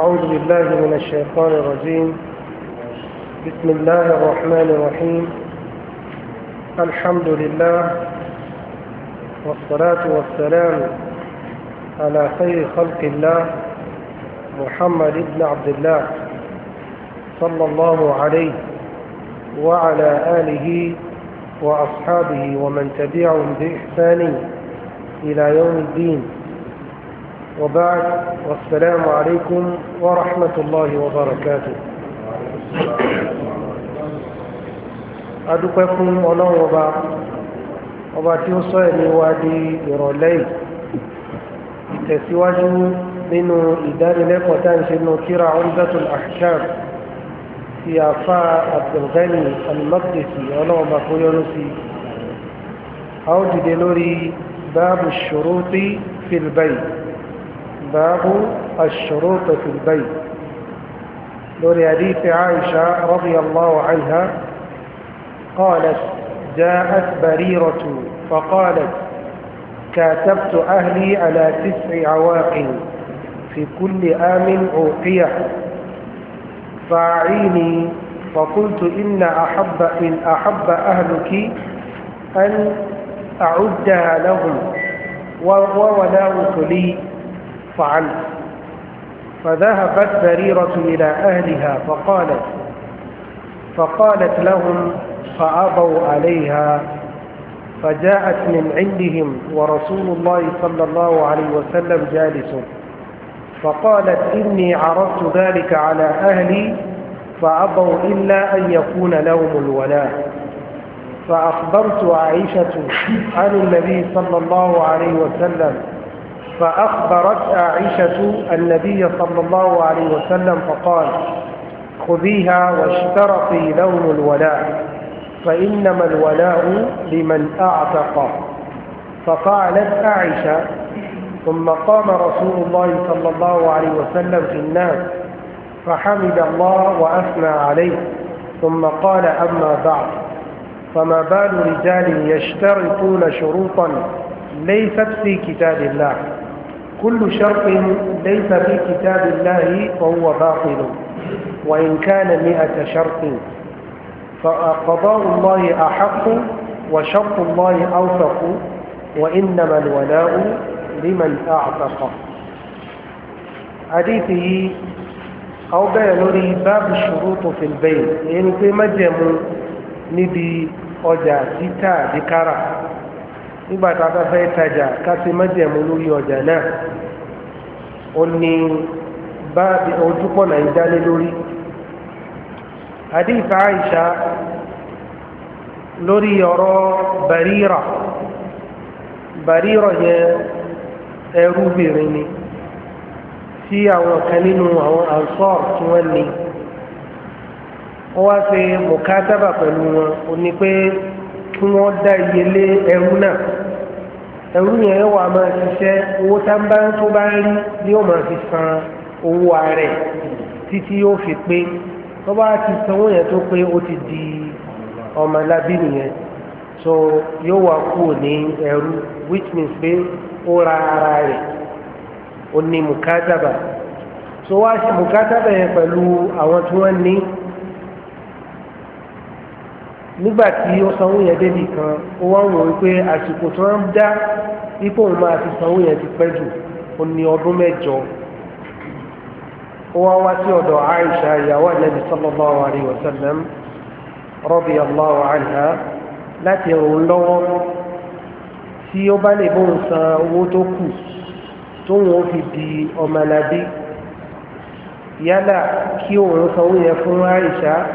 أعوذ بالله من الشيطان الرجيم بسم الله الرحمن الرحيم الحمد لله والصلاة والسلام على خير خلق الله محمد بن عبد الله صلى الله عليه وعلى آله وأصحابه ومن تبعهم بإحسان إلى يوم الدين وبعد والسلام عليكم ورحمة الله وبركاته أدوكم الله وبا وبا توصي لوادي يرولي تسواج من إدارة لقطان شنو كرا عمدة الأحكام في أفا عبد الغني المقدسي الله وبا كيرسي أو دلوري باب الشروط في البيت باب الشروط في البيت دور حديث عائشة رضي الله عنها قالت جاءت بريرة فقالت كاتبت أهلي على تسع عواق في كل آم عوقية فأعيني فقلت إن أحب إن أحب أهلك أن أعدها لهم وولاؤك لي فعلت فذهبت بريرة إلى أهلها فقالت فقالت لهم فأبوا عليها فجاءت من عندهم ورسول الله صلى الله عليه وسلم جالس فقالت إني عرضت ذلك على أهلي فأبوا إلا أن يكون لهم الولاء فأخبرت عائشة عن النبي صلى الله عليه وسلم فأخبرت عائشة النبي صلى الله عليه وسلم فقال خذيها واشترطي لون الولاء فإنما الولاء لمن أعتق فقالت عائشة ثم قام رسول الله صلى الله عليه وسلم في الناس فحمد الله وأثنى عليه ثم قال أما بعد فما بال رجال يشترطون شروطا ليست في كتاب الله كل شرط ليس في كتاب الله فهو باطل وإن كان مئة شرط فقضاء الله أحق وشرط الله أوثق وإنما الولاء لمن أعتق حديثه أو بيان باب الشروط في البيت يعني في مجمع نبي أجا ستا ذكره nígbà tá a bá fẹ́ tajà ká ṣe májẹ̀mú lórí ọjà náà ó ní báàbí ojúpọ̀ náà ń dálé lórí hadith Aisha lórí ọ̀rọ̀ Barira Barira yẹn ẹrúbìnrin ni tí àwọn kan nínú àwọn ansor tí wọ́n ní wọ́n wá ṣe mùkátàbà pẹ̀lú wọn ó ní pé kí wọ́n dá iye lé ẹrú náà ẹrú yẹn wà máa ṣiṣẹ́ owó tábà tó bá ń rí ni yóò máa fi san owó ààrẹ títí yóò fi pé tó bá ti sanwó yẹn tó pé ó ti di ọmọlábí nìyẹn so yóò wá kúrò ní ẹrú which means pé ó ra ara rẹ̀ ó ní mùkátàbà so wá ṣe mùkátàbà yẹn pẹ̀lú àwọn tí wọ́n ní nígbà tí ó sanwó yẹn débi kan ó wá ń wò wípé àsìkò tí wọ́n dá ipò òun máa fi sanwó yẹn ti pẹ́ jù ó ní ọdún mẹ́jọ ó wá wá sí ọ̀dọ̀ Aisha ìyàwó ànábi sallallahu alayhi wa sallam radiyallahu anha láti ràn lọ́wọ́ tí ó bá lè bóun san owó tó kù tóun ó fi di ọmọlábí yálà kí òun sanwó yẹn fún Aisha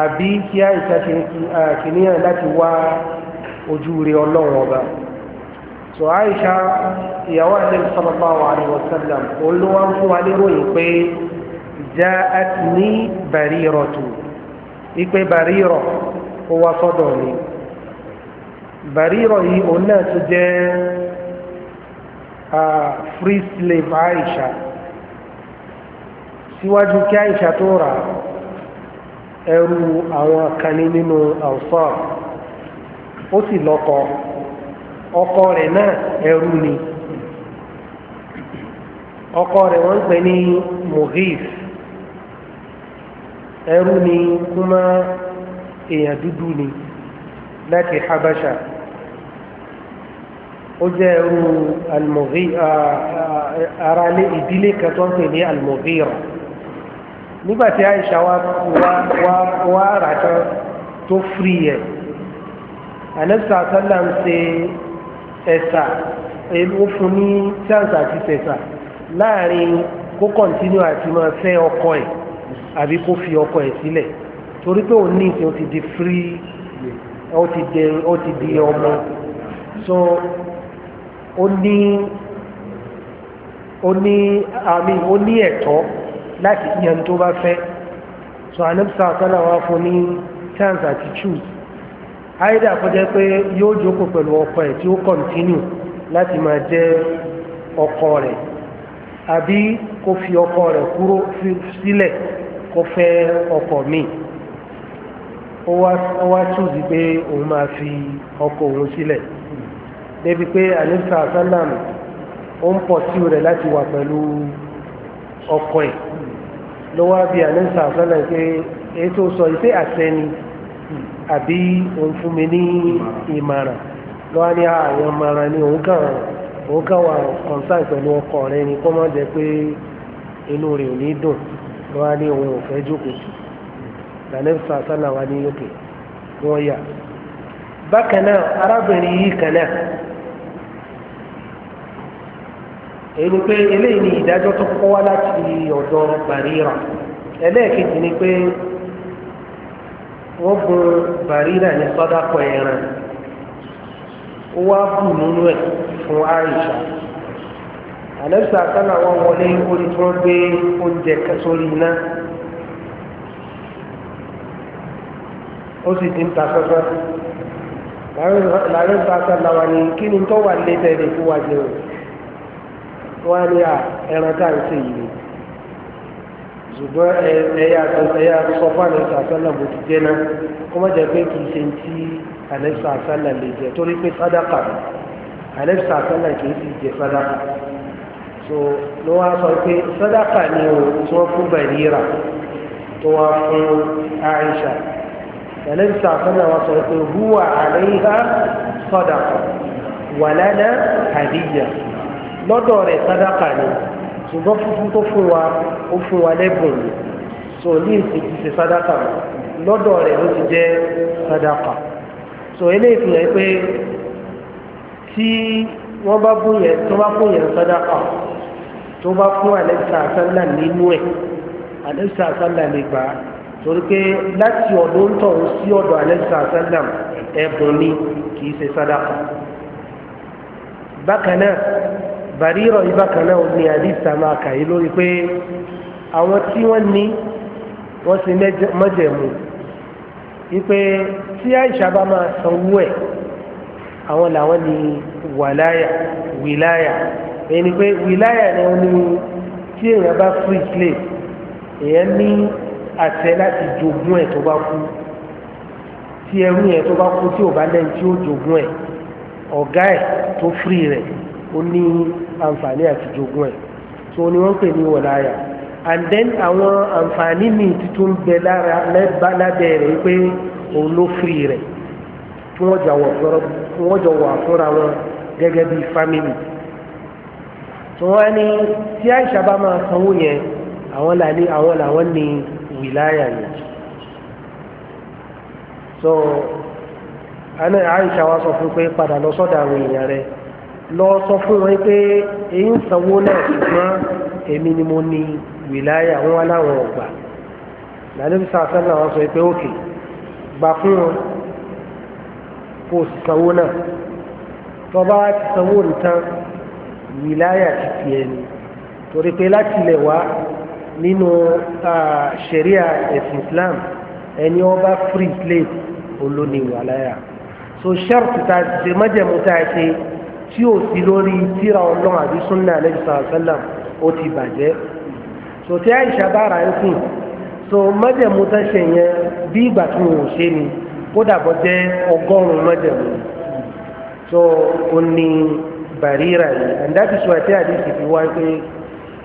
àbí kí àìsà ṣe kìníyàn láti wá ojú rẹ ọlọ́run ọba so àìsà ìyàwó àdébí sallallahu alaihi wasallam olówó fún wa níròyìn pé ja'at ní bariratu ipe barira ó wá sọ́dọ̀ ni barira yìí òun náà ti jẹ́ free slave àìsà síwájú kí àìsà tó rà á ẹrú àwọn kanní nínú ansar ó sì lọ́kọ ọkọ rẹ̀ náà ẹrú ni ọkọ rẹ̀ wọ́n ń pè ní Mughith ẹrú ni kúmá èèyàn dúdú ni láti Habasha ó jẹ́ ẹrú almoghira ah, ah, ah, ara ilé ìdílé kan ń pè ní almoghira nígbà tí Aisha wa wa wa rà tán tó firi yẹ anabisa sálà ń ṣe ẹ̀sà ó fún ní chance àti ṣẹ̀sà láàrin kó kọ́ntínú àti máa fẹ́ ọkọ ẹ̀ àbí kó fi ọkọ ẹ̀ sílẹ̀ torí pé òun ní ìsìn ó ti di free ó ti di ó ti di ọmọ so ó ní ó ní àmì ó ní ẹ̀tọ́ láti yan tó bá fẹ́ so anabisa akala wa fún ní chance àti choose aida kọjá pé yóò jókòó pẹ̀lú ọkọ ẹ̀ tí ó continue láti máa jẹ́ ọkọ rẹ̀ àbí kó fi ọkọ rẹ̀ kúrò sílẹ̀ kó fẹ́ ọkọ míì ó wá choose pé òun máa fi ọkọ òun sílẹ̀ débi pé anabisa akala ó ń pọ̀ sí rẹ̀ láti wà pẹ̀lú ọkọ ẹ̀. ló wá bí àní sàfẹ́lẹ̀ pé èyí tó sọ ìpè àṣẹ ni àbí òun fún mi ní ìmọ̀ràn lọ́wọ́ ní àwọn ìmọ̀ràn ni òun kàn òun kàn wà kọ̀ǹsáì pẹ̀lú rẹ ni kó má jẹ́ pé inú ò ní dùn ní òun ò fẹ́ jókòó sí sàfẹ́lẹ̀ wa ní wọ́n yà bákan náà arábìnrin yìí èyí ni pé eléyìí ni ìdájọ́ tó kọ́kọ́ wá láti ọ̀dọ̀ Bàrírà ẹlẹ́ẹ̀kejì ni pé wọ́n gun Bàrírà ní sọ́dápọ̀ ẹran ó wá bù nínú ẹ̀ fún Àìṣà àlẹ́sà kánà wọn wọlé orí tí wọ́n gbé oúnjẹ sórí iná ó sì ti ń ta sọ́sọ́ làárẹ̀ sà kánà wọn ni kí ni tó wà lé tẹ̀lé fún wa jẹun wọ́n á ní ẹran tá à ń ṣe yìí ni ṣùgbọ́n ẹ̀yà ẹ̀yà sọ fún àlẹ́sà àṣálà mo ti jẹ́ náà kó má jẹ́ pé kì í ṣe ti àlẹ́sà àṣálà lè jẹ́ torí pé sádàkà àlẹ́sà àṣálà kì í sì jẹ sádàkà so ló wá sọ pé sádàkà ni o tí wọ́n fún bẹ̀rẹ̀ tó wá fún Aisha àlẹ́sà àṣálà wá sọ pé huwa àlẹ́yà sádàkà wàlánà àdíyà lọ́dọ̀ rẹ̀ sàdákà ni ṣùgbọ́n funfun tó fún wa ó fún wa lẹ́bùn ni so ní ìsìnkú ṣe sàdákà lọ́dọ̀ rẹ̀ ló ti jẹ́ sàdákà so eléyìí fi hàn pé tí wọ́n bá bú yẹn tó bá fún yẹn sàdákà tó bá fún àlẹ́sà àsálà nínú ẹ̀ àlẹ́sà àsálà lè gbà á torí pé láti ọ̀dọ̀ ń tọ̀ sí ọ̀dọ̀ àlẹ́sà àsálà ẹ̀bùn ni kì í ṣe sàdákà bákan náà bàrírọ̀ ìbákan náà ní àdìsá máa kàyé lórí pé àwọn tí wọ́n ní wọ́n sì mọ́jẹ̀mú wípé tí àìsà bá máa sanwó ẹ̀ àwọn làwọn ní wàláyà wìláyà ẹni pé wìláyà ni wọ́n ní tí èèyàn bá free slave èèyàn ní àṣẹ láti jogún ẹ̀ tó bá kú tí ẹrú yẹn tó bá kú tí ò bá lẹ́yìn tí ó jogún ẹ̀ ọ̀gá ẹ̀ tó free rẹ̀ ó ní àǹfààní àti jogún ẹ̀ so ni wọ́n pè ní wọ̀láyà and then àwọn àǹfààní míì tuntun bẹ lára lábẹ́ rẹ̀ pé òun ló firi rẹ̀ tí wọ́n jọ wà fúnra wọn gẹ́gẹ́ bí family tí wọ́n ní tí àìsà bá máa sanwó yẹn àwọn làní àwọn làwọn ní wìláyà yẹn so àìsà wa sọ fún pé padà lọ sọ́dọ̀ àwọn èèyàn rẹ̀ lọ sọ fún wọn pé èyí ń sanwó náà ṣùgbọ́n èmi ni mo ní wìláyà wọn aláwọn ọgbà lànàbí sàásán náà wọn sọ pé òkè gbà fún wọn kó o sì sanwó náà tọ́ba ti sanwó nìkan wìláyà ti tiẹ̀ ni torí pé láti ilẹ̀ wá nínú ṣẹ̀ríà ẹ̀sìn Islam ẹni ọba free slave olóni wàláyà so ṣẹ́rù ti ta ṣe májẹ̀mú tá a ṣe tí ó sí lórí tíra ọlọ́run àbí súnà alẹ́ sàlám ó ti bàjẹ́ so tí àìsà bá ra ẹkù so májẹ̀mú tó ṣe yẹn bí ìgbà tí wọn ṣe ni kódà bọ́ jẹ́ ọgọ́rùn-ún májẹ̀mú so ó ní bàríra yìí and that is why tí àdìsí fi wá pé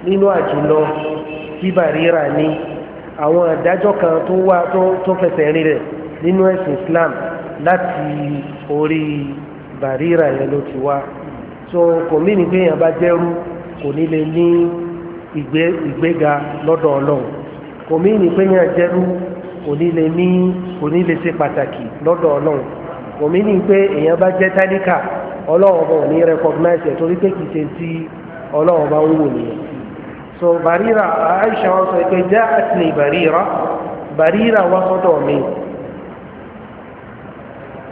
nínú àjùlọ tí bàríra ní àwọn àdájọ́ kan tó wá tó fẹsẹ̀ rin rẹ̀ nínú ẹ̀sìn Islam láti orí bàríra yẹn ló ti wá so kò mí ní pé èèyàn bá jẹ́rú kò ní lè ní ìgbéga lọ́dọ̀ ọlọ́run kò mí ní pé èèyàn jẹ́rú kò ní lè ní kò ní lè ṣe pàtàkì lọ́dọ̀ ọlọ́run kò mí ní pé èèyàn bá jẹ́ tálíkà ọlọ́run ọba ò ní recognize ẹ̀ torí pé kìí ṣe ti ọlọ́run ọba ń wò nìyẹn so Barira Aisha wọn sọ pé ja'at li Barira Barira wọn sọ́dọ̀ mi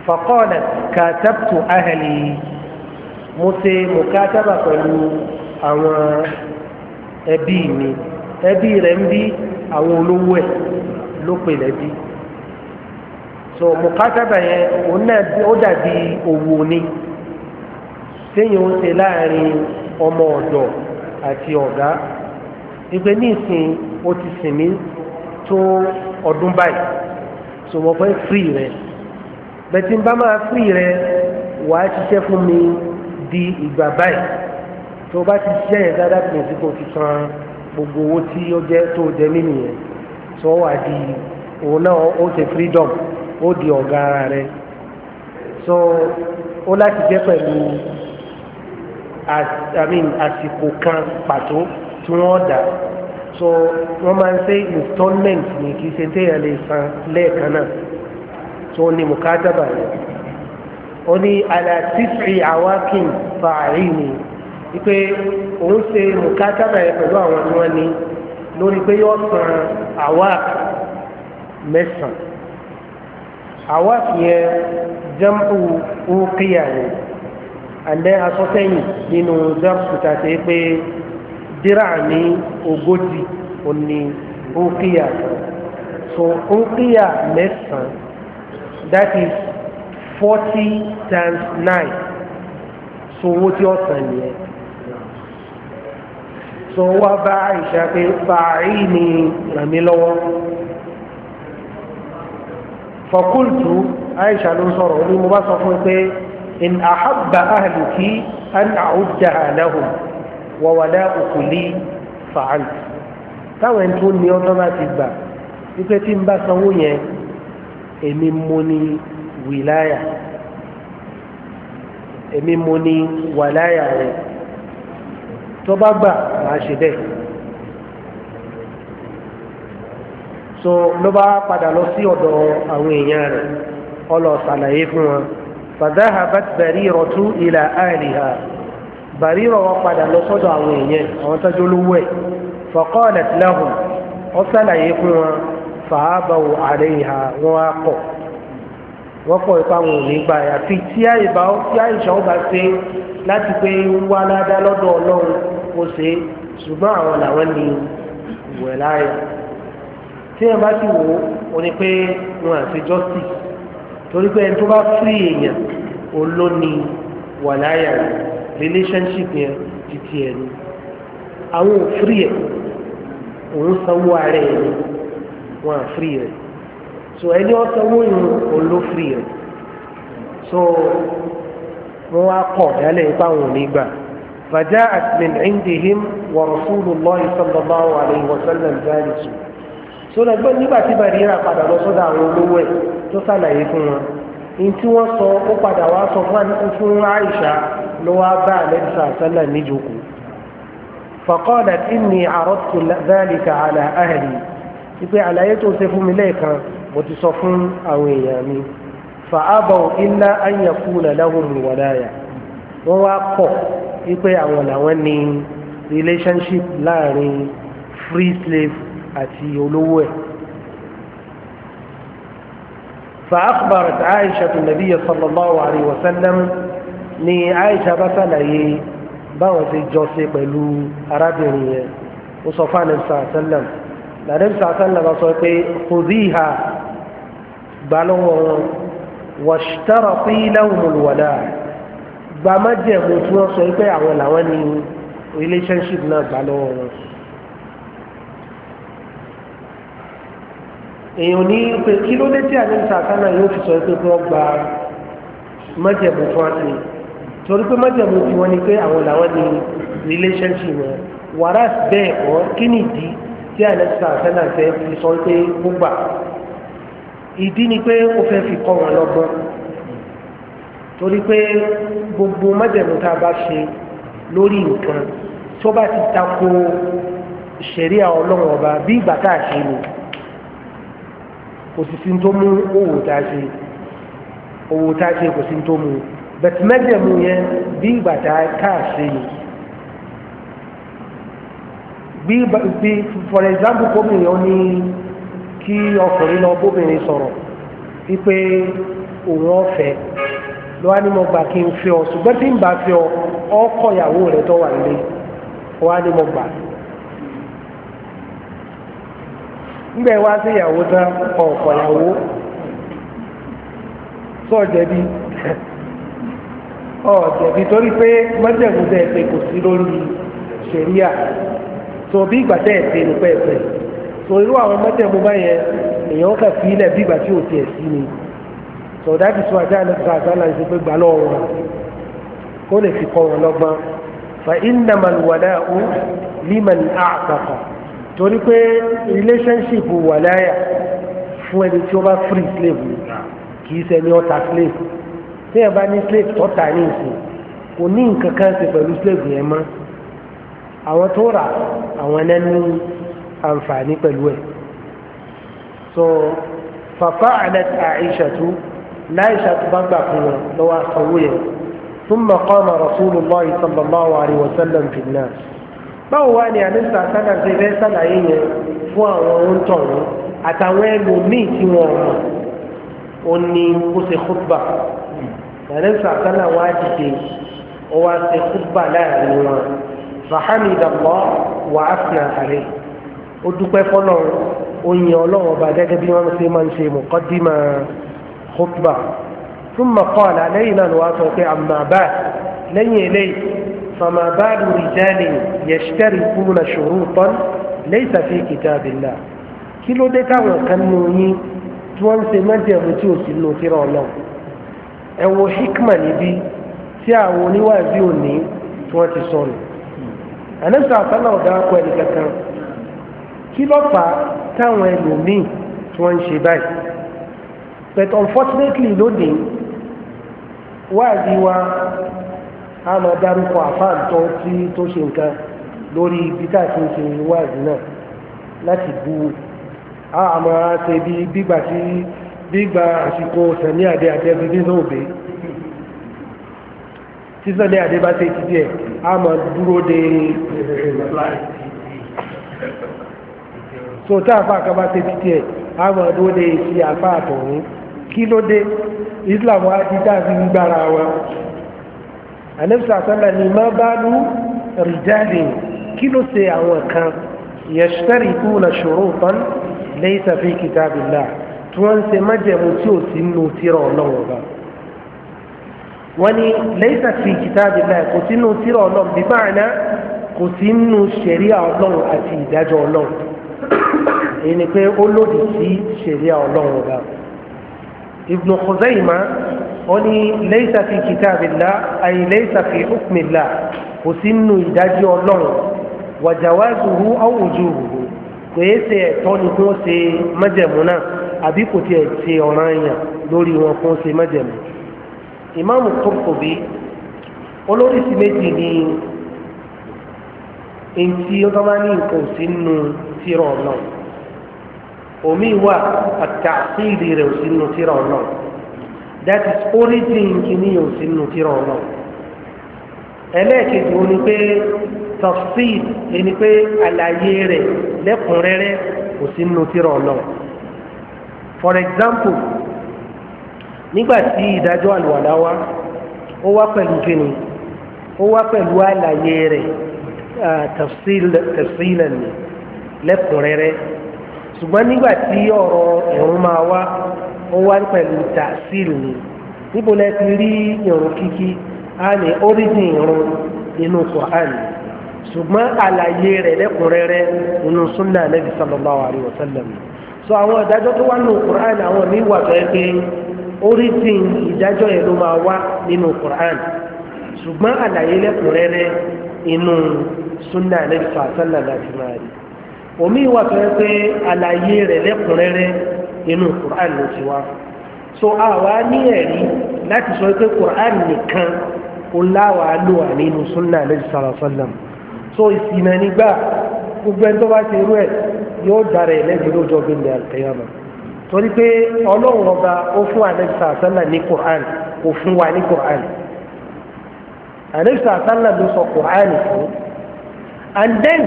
faqalat katabtu ahli mo ṣe mùkátàbà pẹ̀lú àwọn ẹbí mi ẹbí rẹ̀ ń bí àwọn olówó ẹ̀ ló pè lẹ́bí so mùkátàbà yẹn òun náà ó dàbí òwò ni téèyàn ó ṣe láàrin ọmọ ọ̀dọ̀ àti ọ̀gá ìgbé ní ìsìn ti sìn mí tó ọdún báyìí so mo fẹ́ fírì rẹ̀ bẹ̀tí n bá máa fírì rẹ̀ wàá ṣiṣẹ́ fún mi di ìgbà báyìí tó bá ti ṣiṣẹ́ yẹn dáadáa tó ti kò fi san gbogbo owó tí ó jẹ́ tó jẹ́ mí nìyẹn tó wà di òun náà ó ṣe freedom ó di ọ̀gá ara rẹ̀ so ó láti jẹ́ pẹ̀lú àsìkò kan pàtó tí wọ́n dà so wọ́n máa ń ṣe installment ní kì í ṣe téèyàn lè san lẹ́ẹ̀kan náà so ní mùkátàbà yẹn ó ní alatisi awakin fàáyì ni wípé òun ṣe mùkátàbà yẹn pẹ̀lú àwọn tí wọ́n ní lórí pé yóò san awak mẹ́sàn awak yẹn jẹ́mpù ókìyà ni àndẹ́ asọ́sẹ́yìn nínú dárúkúta ṣe é pé dírà ní ogójì òní ókìyà so ókìyà mẹ́sàn that is forty times nine so owó tí ó san nìyẹn so wá bá àìsà pé fàáyì ni ràn mí lọ́wọ́ fọkúltù àìsà ló ń sọ̀rọ̀ ní mo bá sọ fún pé in ahabba ahliki an a'uddaha lahum wa wada'uka li táwọn ẹni tó ní ọdọ́ láti gbà wípé tí n bá sanwó yẹn èmi mo ní Wilaaya, èmi mo n'i wàláyà rẹ tó bá gbà máa ṣe bẹ́ẹ̀ so ló bá padà lọ sí ọ̀dọ̀ àwọn èèyàn rẹ̀ ó ṣàlàyé fún wọn fadhahabat bariratu ila ahliha Barira wá padà lọ sọ́dọ̀ àwọn èèyàn àwọn tọ́jú olówó ẹ̀ faqalat lahum ó ṣàlàyé fún wọn fàábàwò àlẹ́ ìhà wọn á kọ̀. wọ́n pọ̀ ipa wọn ò ní gbà àfi tí àyèbá tí àyèṣà ó bá ṣe láti pé wá ládá lọ́dọ̀ ọlọ́run ó ṣe ṣùgbọ́n àwọn làwọn ní ìwẹ̀ láàyè tí wọn bá ti wò ó ní pé wọn àti justice torí pé ẹni tó bá free èèyàn olóni wàláyà relationship yẹn ti tiẹ̀ ni àwọn ò free ẹ̀ òun sanwó ara ẹ̀ ni wọn à free so ẹni ọ̀sánwó yìí olófin rẹ̀ so wọ́n wá kọ̀ jálẹ̀ ipá wọn nígbà فجاءت من عندهم ورسول الله صلى الله عليه وسلم جالس sọ́nà gbọ́n nígbà tí bàríra padà lọ sọ́dọ̀ àwọn olówó ẹ̀ tó sàlàyé fún wọn ní tí wọ́n sọ ó padà wá sọ fún Aisha ló wá bá àlẹ́bíṣà sálà níjókòó فقالت إني عرضت ذلك على أهلي ìpè àlàyé tó ṣe fún mi lẹ́ẹ̀kan mo ti sọ fún àwọn èèyàn mi fa abaw illa an yakuna lahum walaya wọ́n wá kọ̀ wípé àwọn làwọn ní relationship láàrin free slave àti olówó ẹ̀. فأخبرت عائشة النبي صلى الله عليه وسلم ni Aisha bá ṣàlàyé báwọn ṣe jọ ṣe pẹ̀lú arábìnrin yẹn ó sọ fún ànẹ́bísà sẹ́lẹ̀m lànẹ́bísà sẹ́lẹ̀m bá sọ pé kò rí ìhà gbà lọ́wọ́ wọn wàṣítàrà fún iláwùmọ̀lùwàdà gbà má jẹ̀mú tí wọ́n sọ pé àwọn làwọn ní relationship náà gbà lọ́wọ́ wọn. èèyàn ní pé kí ló dé tí àmì ìtàkánná yóò fi sọ pé kí wọ́n gba májẹ̀mú tí wọ́n ti torí pé májẹ̀mú tí wọ́n ní pé àwọn làwọn ní relationship wọn wàrà bẹ́ẹ̀ kọ́ kí nìdí tí àmì ìtàkánná fẹ́ fi sọ pé kó gbà ìdí ni pé ó fẹ́ fi kọ́ wọn lọ́gbọ́n torí pé gbogbo májẹ̀mú tá a bá ṣe lórí nǹkan tó bá ti tako ṣẹ̀ríà ọlọ́run ọba bí ìgbà tá a ṣe lò kò sì sí tó mú owó tá a ṣe owó tá a ṣe kò sí tó mú bẹ̀tì májẹ̀mú yẹn bí ìgbà tá a ṣe lò bí for example kómi yẹn ó ní kí ọkùnrin lọ bóbìnrin sọ̀rọ̀ wípé òun ọ̀fẹ́ ló wá ní mo gbà kí n fi ọ ṣùgbọ́n tí n bá fi ọ ọkọ ìyàwó rẹ tó wà nílé ó wá ní mo gbà. ńgbẹ́ wá sí ìyàwó tán ọ̀pọ̀ ìyàwó sọ jẹ̀bi ọ jẹ̀bi torí pé mọ́jẹ̀mú tẹ̀ pé kò sí lórí ṣẹ̀ríà tó bí ìgbà tẹ̀ pé nípa ẹ̀fẹ̀ so irú àwọn mọ́tẹ̀mú báyẹn èèyàn kà fi ilẹ̀ bí ìgbà tí ò tiẹ̀ sí ni so that is why dáhùn ẹ̀ka àgbàlá ṣe pé gbà lọ́wọ́ wọn kó lè fi kọ́ wọn lọ́gbọ́n fa innamal wala'u liman a'taqa torí pé relationship wàláyà fún ẹni tí ó bá free slave ni kì í ṣe ẹni ọ̀tá slave tí ẹ bá ní slave tọ́ta ní ìsìn kò ní nǹkan kan ṣe pẹ̀lú slave yẹn mọ́ àwọn tó rà àwọn ẹni àǹfààní pẹ̀lú ẹ̀ so fàfà àlẹ́tì àìṣàtú láìṣàtú bá gbà fún wọn lọ́wọ́ àsanwó yẹn ثم قام رسول الله صلى الله عليه وسلم في الناس báwo wá ni àdéhùn àtàkà ṣe fẹ́ sàlàyé yẹn fún àwọn òǹtọ̀rọ̀ àtàwọn ẹlòmíì tí wọ́n mọ̀ ó ní kó ṣe kútbà àdéhùn àtàkà wá dìde ó wá ṣe kútbà láàrin wọn fàhámìdàmọ́ wàásù náà àlẹ́ yìí ó dúpẹ́ fọlọ́run ó yin ọlọ́run ọba gẹ́gẹ́ bí wọ́n ṣe máa ń ṣe mọ̀kọ́dímà khutba thumma qala lẹ́yìn náà ló wá sọ pé amma ba'd lẹ́yìn eléyìí fama ba'du rijalin yashtarikuna shurutan laysa fi kitabillah kí ló dé táwọn kan nù yín tí wọ́n ń ṣe mẹ́jẹ̀mú tí ò sí nù síra ọlọ́run ẹ wo hikma níbí tí àwọn oníwàásí òní tí wọ́n ti sọnù àníṣà sálà ọ̀dà akọ ẹnì kankan kí ló fà á táwọn ẹlòmíì tí wọ́n ń ṣe báyìí but unfortunately lónìí wáàdí wa a lọ dárúkọ àfáàntọ́ tí tó ṣe nǹkan lórí ibi tá a ti ń ṣe wáàdí náà láti bu àmọ́ ṣe bí gbígbà tí gbígbà àsìkò sẹ̀mí àdé àti ẹbí bí náà bèé sísọ ní àdébáṣe ti díẹ̀ a dúró de so tá àfa kan bá ṣe títí ẹ̀ á mọ̀ ló lè ṣe àfa àtọ̀hún kí ló dé islam wa ti dá sí gbára wa anabisa sọ́nà ni má bá lú rìjáde kí ló ṣe àwọn kan yẹ̀ṣẹ́rì tó na ṣòro tán lẹ́yìn sàfihàn kitabillah tí wọ́n ń ṣe májẹ̀mú tí ò sí nù tírà ọlọ́wọ́ bá wọ́n ní lẹ́yìn fi kitabillah kò sí nù tírà ọlọ́wọ́ bí báyìí kò sí nù ṣẹ̀ríà ọlọ́wọ́ àti ìdájọ́ ọlọ́wọ́ èyí ni pé ó lòdì sí ṣẹ̀ríà ọlọ́run ọba Ibn Khuzaymah ó ní laysa fi kitabillah ay laysa fi hukmillah kò sí nínú ìdájọ́ ọlọ́run wa jawazuhu aw wujubuhu kò yẹ ṣe ẹ̀tọ́ ni kí wọ́n ṣe májẹ̀mú náà àbí kò tiẹ̀ ṣe ọ̀ràn yẹn lórí wọn kí ṣe májẹ̀mú. ìmáàmù Qurtubi olórí sí méjì ni èyí tí ó bá ní nǹkan ò sí nínú náà omi wà àtàkìlì rẹ̀ òsínú tíra ọ̀nà that is origin kìíní òsínú tíra ọ̀nà ẹlẹ́ẹ̀kejì ó ní pé tafsir ẹni pé àlàyé rẹ̀ lẹ́kùnrẹ́rẹ́ òsínú tíra ọ̀nà for example nígbà tí ìdájọ́ àlùwàlá wá ó wá pẹ̀lú kíni ó wá pẹ̀lú àlàyé rẹ̀ tafsir lẹ́kùnrẹ́rẹ́ ṣùgbọ́n nígbà tí ọ̀rọ̀ ìrún máa wá ó wá pẹ̀lú tàṣíl ni níbo lẹ ti rí ìrún kíkí á ní origin ìrún inú Qur'an ṣùgbọ́n àlàyé rẹ̀ lẹ́kùnrẹ́rẹ́ inú súnà Nabi sallallahu alaihi wasallam so àwọn ìdájọ́ tó wá nínú Qur'an àwọn mi wà fẹ́ pé origin ìdájọ́ yẹn ló máa wá nínú Qur'an ṣùgbọ́n àlàyé lẹ́kùnrẹ́rẹ́ inú súnà Nabi sallallahu alaihi wasallam omi wa tó yẹ pé àlàyé rẹ̀ lẹ́kùnrẹ́rẹ́ inú Qur'an ló ti wá so àwa ní ẹ̀rí láti sọ pé Qur'an nìkan ó láwàá lò wà nínú sunna alẹ́sì sàlàsàlàm so ìsìnà nígbà gbogbo ẹni tó bá ti rú ẹ̀ yóò dára ẹ̀ lẹ́bi lójọ́ gbẹ̀ndẹ̀ àlùkẹ́yàmà torí pé ọlọ́run ọba ó fún alẹ́sì sàlàsàlàm ní Qur'an kò fún wa ní Qur'an alẹ́sì sàlàsàlàm ló sọ Qur'an fún and then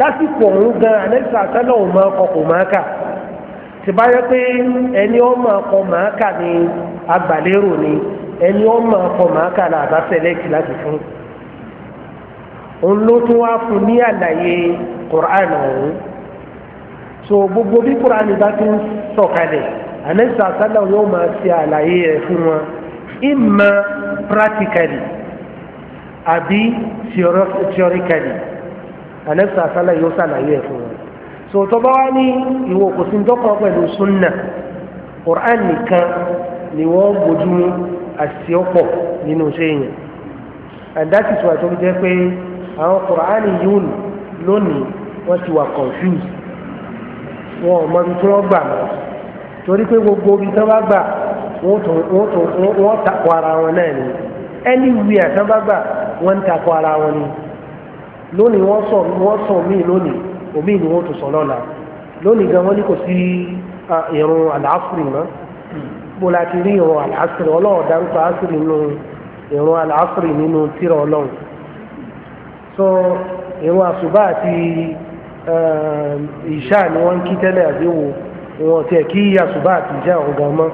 lásìkò ọ̀hún gan anẹ́sà sẹ́lẹ̀ ò máa kọ kò máa kà tí bá yẹ pé ẹni ó máa kọ máa kà ní agbàlérò ni ẹni ó máa kọ máa kà là bá sẹ́lẹ̀kì láti fún òun ló tún wá fún ní àlàyé Qur'an ọ̀hún so gbogbo bí Qur'an bá ti sọ̀kalẹ̀ anẹ́sà sẹ́lẹ̀ yóò máa ṣe àlàyé rẹ̀ fún wọn ìmọ̀ practically àbí theoretically anẹ́sà sálà yóò sàlàyé ẹ̀ fún wọn sòtọ́ bá wá ní ìwọ kò sí dọ́kọ̀ pẹ̀lú sunna Qur'an nìkan ni wọ́n bójú mú àṣìṣe ọ̀pọ̀ nínú iṣẹ́ yẹn àdáṣì tó àjọ jẹ́ pé àwọn Qur'an yìí lónìí wọ́n ti wà confused wọn ò mọbi tí wọ́n gbà mọ́ torí pé gbogbo ibi tí wọ́n bá gbà wọ́n tó wọ́n tó wọ́n takò ara wọn náà ni ẹni wíyà tí wọ́n bá gbà wọ́n ń takò ara wọn ni lónìí wọ́n sọ wọ́n sọ míì lónìí òmíì ni wọ́n tún sọ lọ́la lónìí gan wọ́n ní kò sí ìrun àlàáfíì mọ́ bó la ti rí ìrun àlàáfíì ọlọ́run dárúkọ àásìrì nínú ìrun àlàáfíì nínú tírà ọlọ́run so ìrun àṣùbà àti ìṣá ni wọ́n ń kí tẹ́lẹ̀ àdéhùn ìwọ̀n tiẹ̀ kí àṣùbà àti ìṣá ọ̀gá mọ́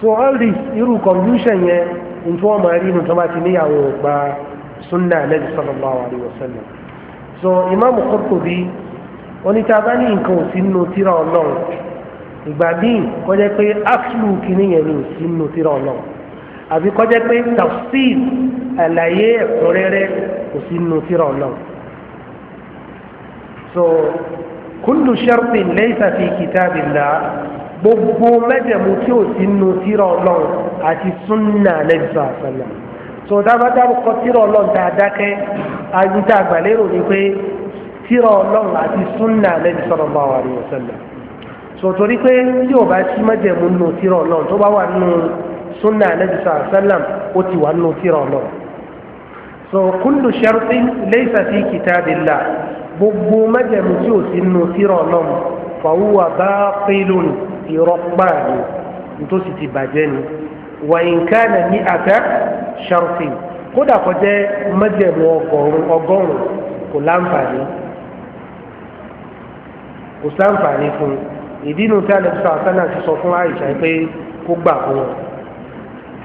so all this irú confusion yẹn ní tí wọ́n máa rí inú tí bá ti níyàwó gba sunna anabi sallallahu alayhi wa sallam so imaamu Qurtubi onítàbá ní nǹkan ò sí nínú tírà ọlọ́run ìgbà míì kọjá pé áṣùlù kìíní yẹn ni ò sí nínú tírà ọlọ́run àbí kọjá pé tafsir àlàyé ẹ̀kúnrẹ́rẹ́ kò sí nínú ọlọ́run so kullu shartin laysa fi kitabillah gbogbo mẹ́jẹ̀mú tí ò sí nínú ọlọ́run àti sunna nabi sallallahu alayhi wa tó dábàdàbò kọ tírà ọlọ́run dáadákẹ́ ayíjà àgbàlérò ni pé tírà ọlọ́run àti súnà lẹ́nu sọ̀rọ̀ bá wà lóyún sẹ́lẹ̀ tó torí pé tí ò bá sí mọ́jẹ̀mú nù tírà ọlọ́run tó bá wà nù súnà lẹ́nu sọ̀rọ̀ sẹ́lẹ̀ ó ti wà nù tírà ọlọ́run so kullu shartin laysa fi kitabillah gbogbo mọ́jẹ̀mú tí ò sí nù tírà ọlọ́run fa huwa baatilun ìrọ́pàá ni nítòsí ti bàjẹ́ ni wàyín kánà ní àtà ṣàrfin kódà kó jẹ́ májẹ̀mú ọgọ́rùn ọgọ́rùn kò láǹfààní kò sáǹfààní fún ìdínú tí a lè sọ àtàlà ti sọ fún àìsàn pé kó gbà fún wọn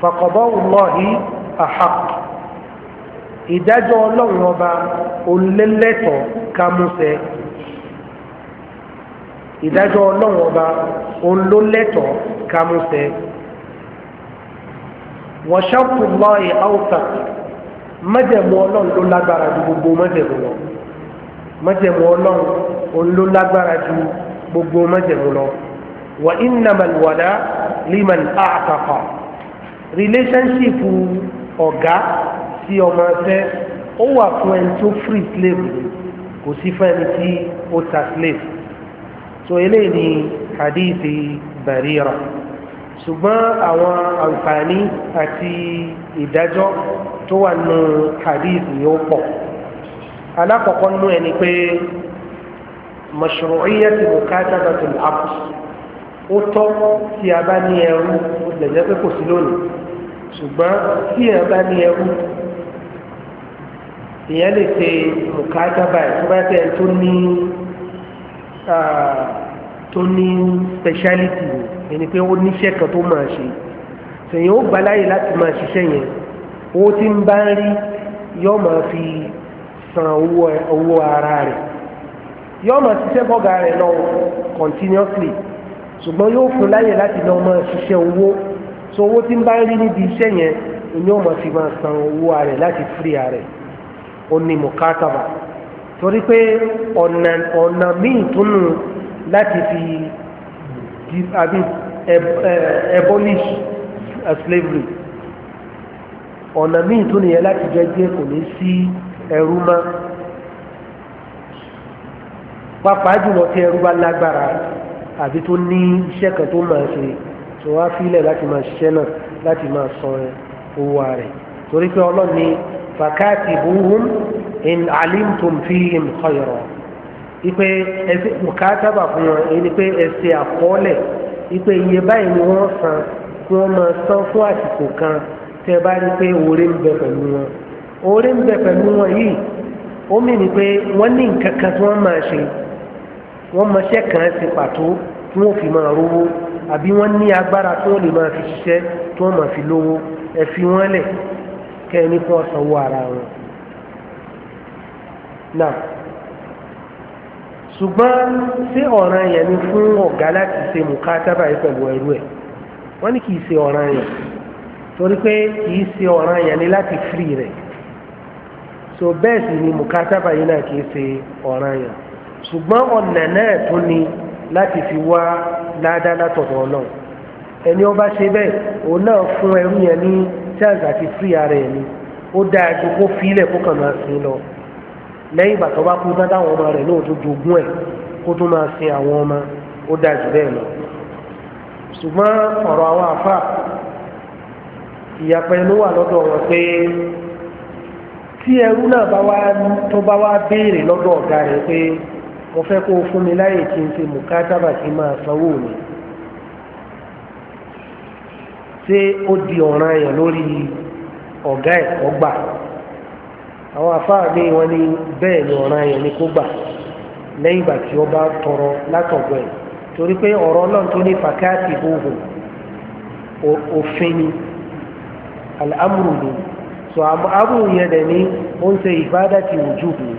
fàkọ̀bọ́ ọlọ́ọ̀hí àhàk ìdájọ́ ọlọ́run ọba olólẹ́tọ̀ kámúṣẹ ìdájọ́ ọlọ́run ọba olólẹ́tọ̀ kámúṣẹ wọ́n ṣàkó lọ́ọ̀yì áwùtà májẹ̀mú ọlọ́run ló lágbára ju gbogbo májẹ̀mú lọ májẹ̀mú ọlọ́run òun ló lágbára ju gbogbo májẹ̀mú lọ wà innamal wala liman a'taqa relationship ọ̀gá sí ọmọ ẹsẹ̀ ó wà fún ẹni tó free slave kò sí fún ẹni tí ó ta slave so eléyìí ni hadithi Barira ṣùgbọ́n àwọn àǹfààní àti ìdájọ́ tó wà nù hadith yóò pọ̀ alákọ̀ọ́kọ́ nú ẹni pé mashru'iyyati mukatabatil abd ó tọ́ tí a bá ní ẹrú ó lè jẹ́ pé kò sí lónìí ṣùgbọ́n tí a bá ní ẹrú èèyàn lè ṣe mukataba ẹ̀ tó bá tẹ̀ tó ní ah, tó ní speciality ni ẹni pé ó níṣẹ́ kan tó máa ṣe sèyìn ó gbà láyè láti máa ṣiṣẹ́ yẹn owó tí ń bá ń rí yóò máa fi san owó ara rẹ̀ yóò máa ṣiṣẹ́ bọ́gà rẹ̀ lọ continuously ṣùgbọ́n yóò fún láyè láti lọ máa ṣiṣẹ́ owó so owó tí ń bá ń rí níbi iṣẹ́ yẹn ni yóò máa fi máa san owó rẹ̀ láti free rẹ̀ ó ní mùkátàbà torí pé ọ̀nà míì túnú láti fi. I mean, eh, abolish uh, slavery ọ̀nà míì tó nìyẹn láti jẹ́ jẹ́ kò ní sí ẹrú mọ́ pàápàá jùlọ tí ẹrú bá lágbára àbí tó ní iṣẹ́ kan tó máa ṣe tó wá fílẹ̀ láti máa ṣiṣẹ́ náà láti máa san owó rẹ̀ torí pé ọlọ́run ní fakatibuhum in alimtum fihim khayran ipe ẹsẹ bùkátàbà fún wọn èyí ni pé ẹsẹ àkọọ́lẹ̀ ipe iye báyìí ni wọ́n san kí wọ́n máa san fún àsìkò kan tẹ́ bá rí pé oore ń bẹ pẹ̀lú wọn oore ń bẹ pẹ̀lú wọn yìí ó mì ní pé wọ́n ní nǹkan kan tí wọ́n máa ṣe wọ́n mọṣẹ́ kan ṣe pàtó tí wọ́n fi máa rówó àbí wọ́n ní agbára tí wọ́n lè máa fi ṣiṣẹ́ tí wọ́n máa fi lówó ẹ fi wọ́n lẹ̀ kẹ́ ẹ ní kí wọ́n ara wọn ṣùgbọ́n ṣé ọ̀ràn yẹn ni fún ọ̀gá láti ṣe mùkátábà yìí pẹ̀lú ẹrú ẹ̀ wọ́n ní kì í ṣe ọ̀ràn yẹn torí pé kì í ṣe ọ̀ràn yẹn ni láti firi rẹ̀ so bẹ́ẹ̀ sì ni mùkátábà yìí náà kì í ṣe ọ̀ràn yẹn ṣùgbọ́n ọ̀nà náà tún ni láti fi wá ládá látọ̀dọ̀ ọlọ́run ẹni ó ṣe bẹ́ẹ̀ òun náà fún ẹrú yẹn ní chance àti firi ara ẹ̀ ni ó dáa ju kó fi ilẹ̀ kó kàn máa sin lọ lẹ́yìn ìgbà tó bá kú tán táwọn ọmọ rẹ̀ náà tó jogún ẹ̀ kó tó máa sin àwọn ọmọ ó dáa jù bẹ́ẹ̀ lọ ṣùgbọ́n ọ̀rọ̀ àwọn àfà ìyàpẹ̀ ló wà lọ́dọ̀ wọn pé tí ẹrú náà tó bá wá béèrè lọ́dọ̀ ọ̀gá rẹ̀ pé mo fẹ́ kó o fún mi láyè kí n ṣe mùkátábà kí n máa sanwó mi ṣé ó di ọ̀ràn yẹn lórí ọ̀gá ẹ̀kọ́ gbà àwọn afáà mi wọn ní bẹ́ẹ̀ ni ọ̀ràn yẹn ni kó gbà lẹ́yìn ìgbà tí ó bá tọrọ látọ̀gbọ́ ẹ̀ torí pé ọ̀rọ̀ náà tó ní fàkáàtì hóhùn òfin ni al'amuru ni so amuru yẹn dẹ̀ ní ó ń ṣe ìbádà ti wùjú ni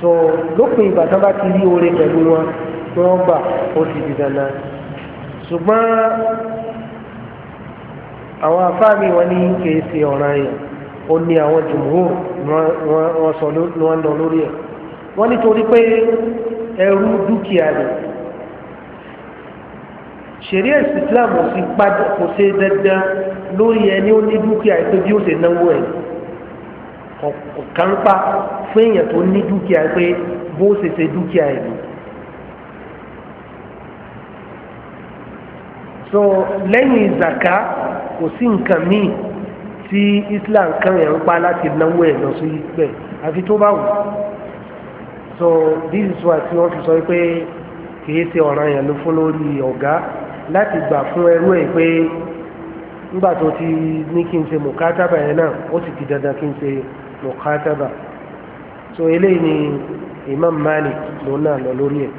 so lópin ìgbà tó bá ti rí oore pẹ̀lú wọn tí wọ́n gbà ó ti di dandan ṣùgbọ́n àwọn afáàmì wọn ní kèé ṣe ọ̀ràn yẹn ó ní àwọn jùmùú wọn sọ wọn lọ lórí ẹ̀ wọ́n nítorí pé ẹrú dúkìá ni ṣẹ̀ríà Islam kò ṣe dandan lórí ẹni ó ní dúkìá pé bí ó ṣe náwó ẹ̀ kàn pa fún èèyàn tó ní dúkìá pé bó ṣe ṣe dúkìá ẹ̀ ni. so lẹ́yìn zaka kò sí nǹkan míì tí islam kan yẹn ń pa láti náwó ẹ̀ lọ sí ibẹ̀ àfi tó bá wù so this is why tí wọ́n fi sọ pé kìí ṣe ọ̀ràn yẹn ló fún lórí ọ̀gá láti gbà fún ẹrú ẹ̀ pé nígbà tó ti ní kí n ṣe mùkátàbà yẹn náà ó sì ti dandan kí n ṣe mùkátàbà so eléyìí ni imam malik ló náà lọ lórí ẹ̀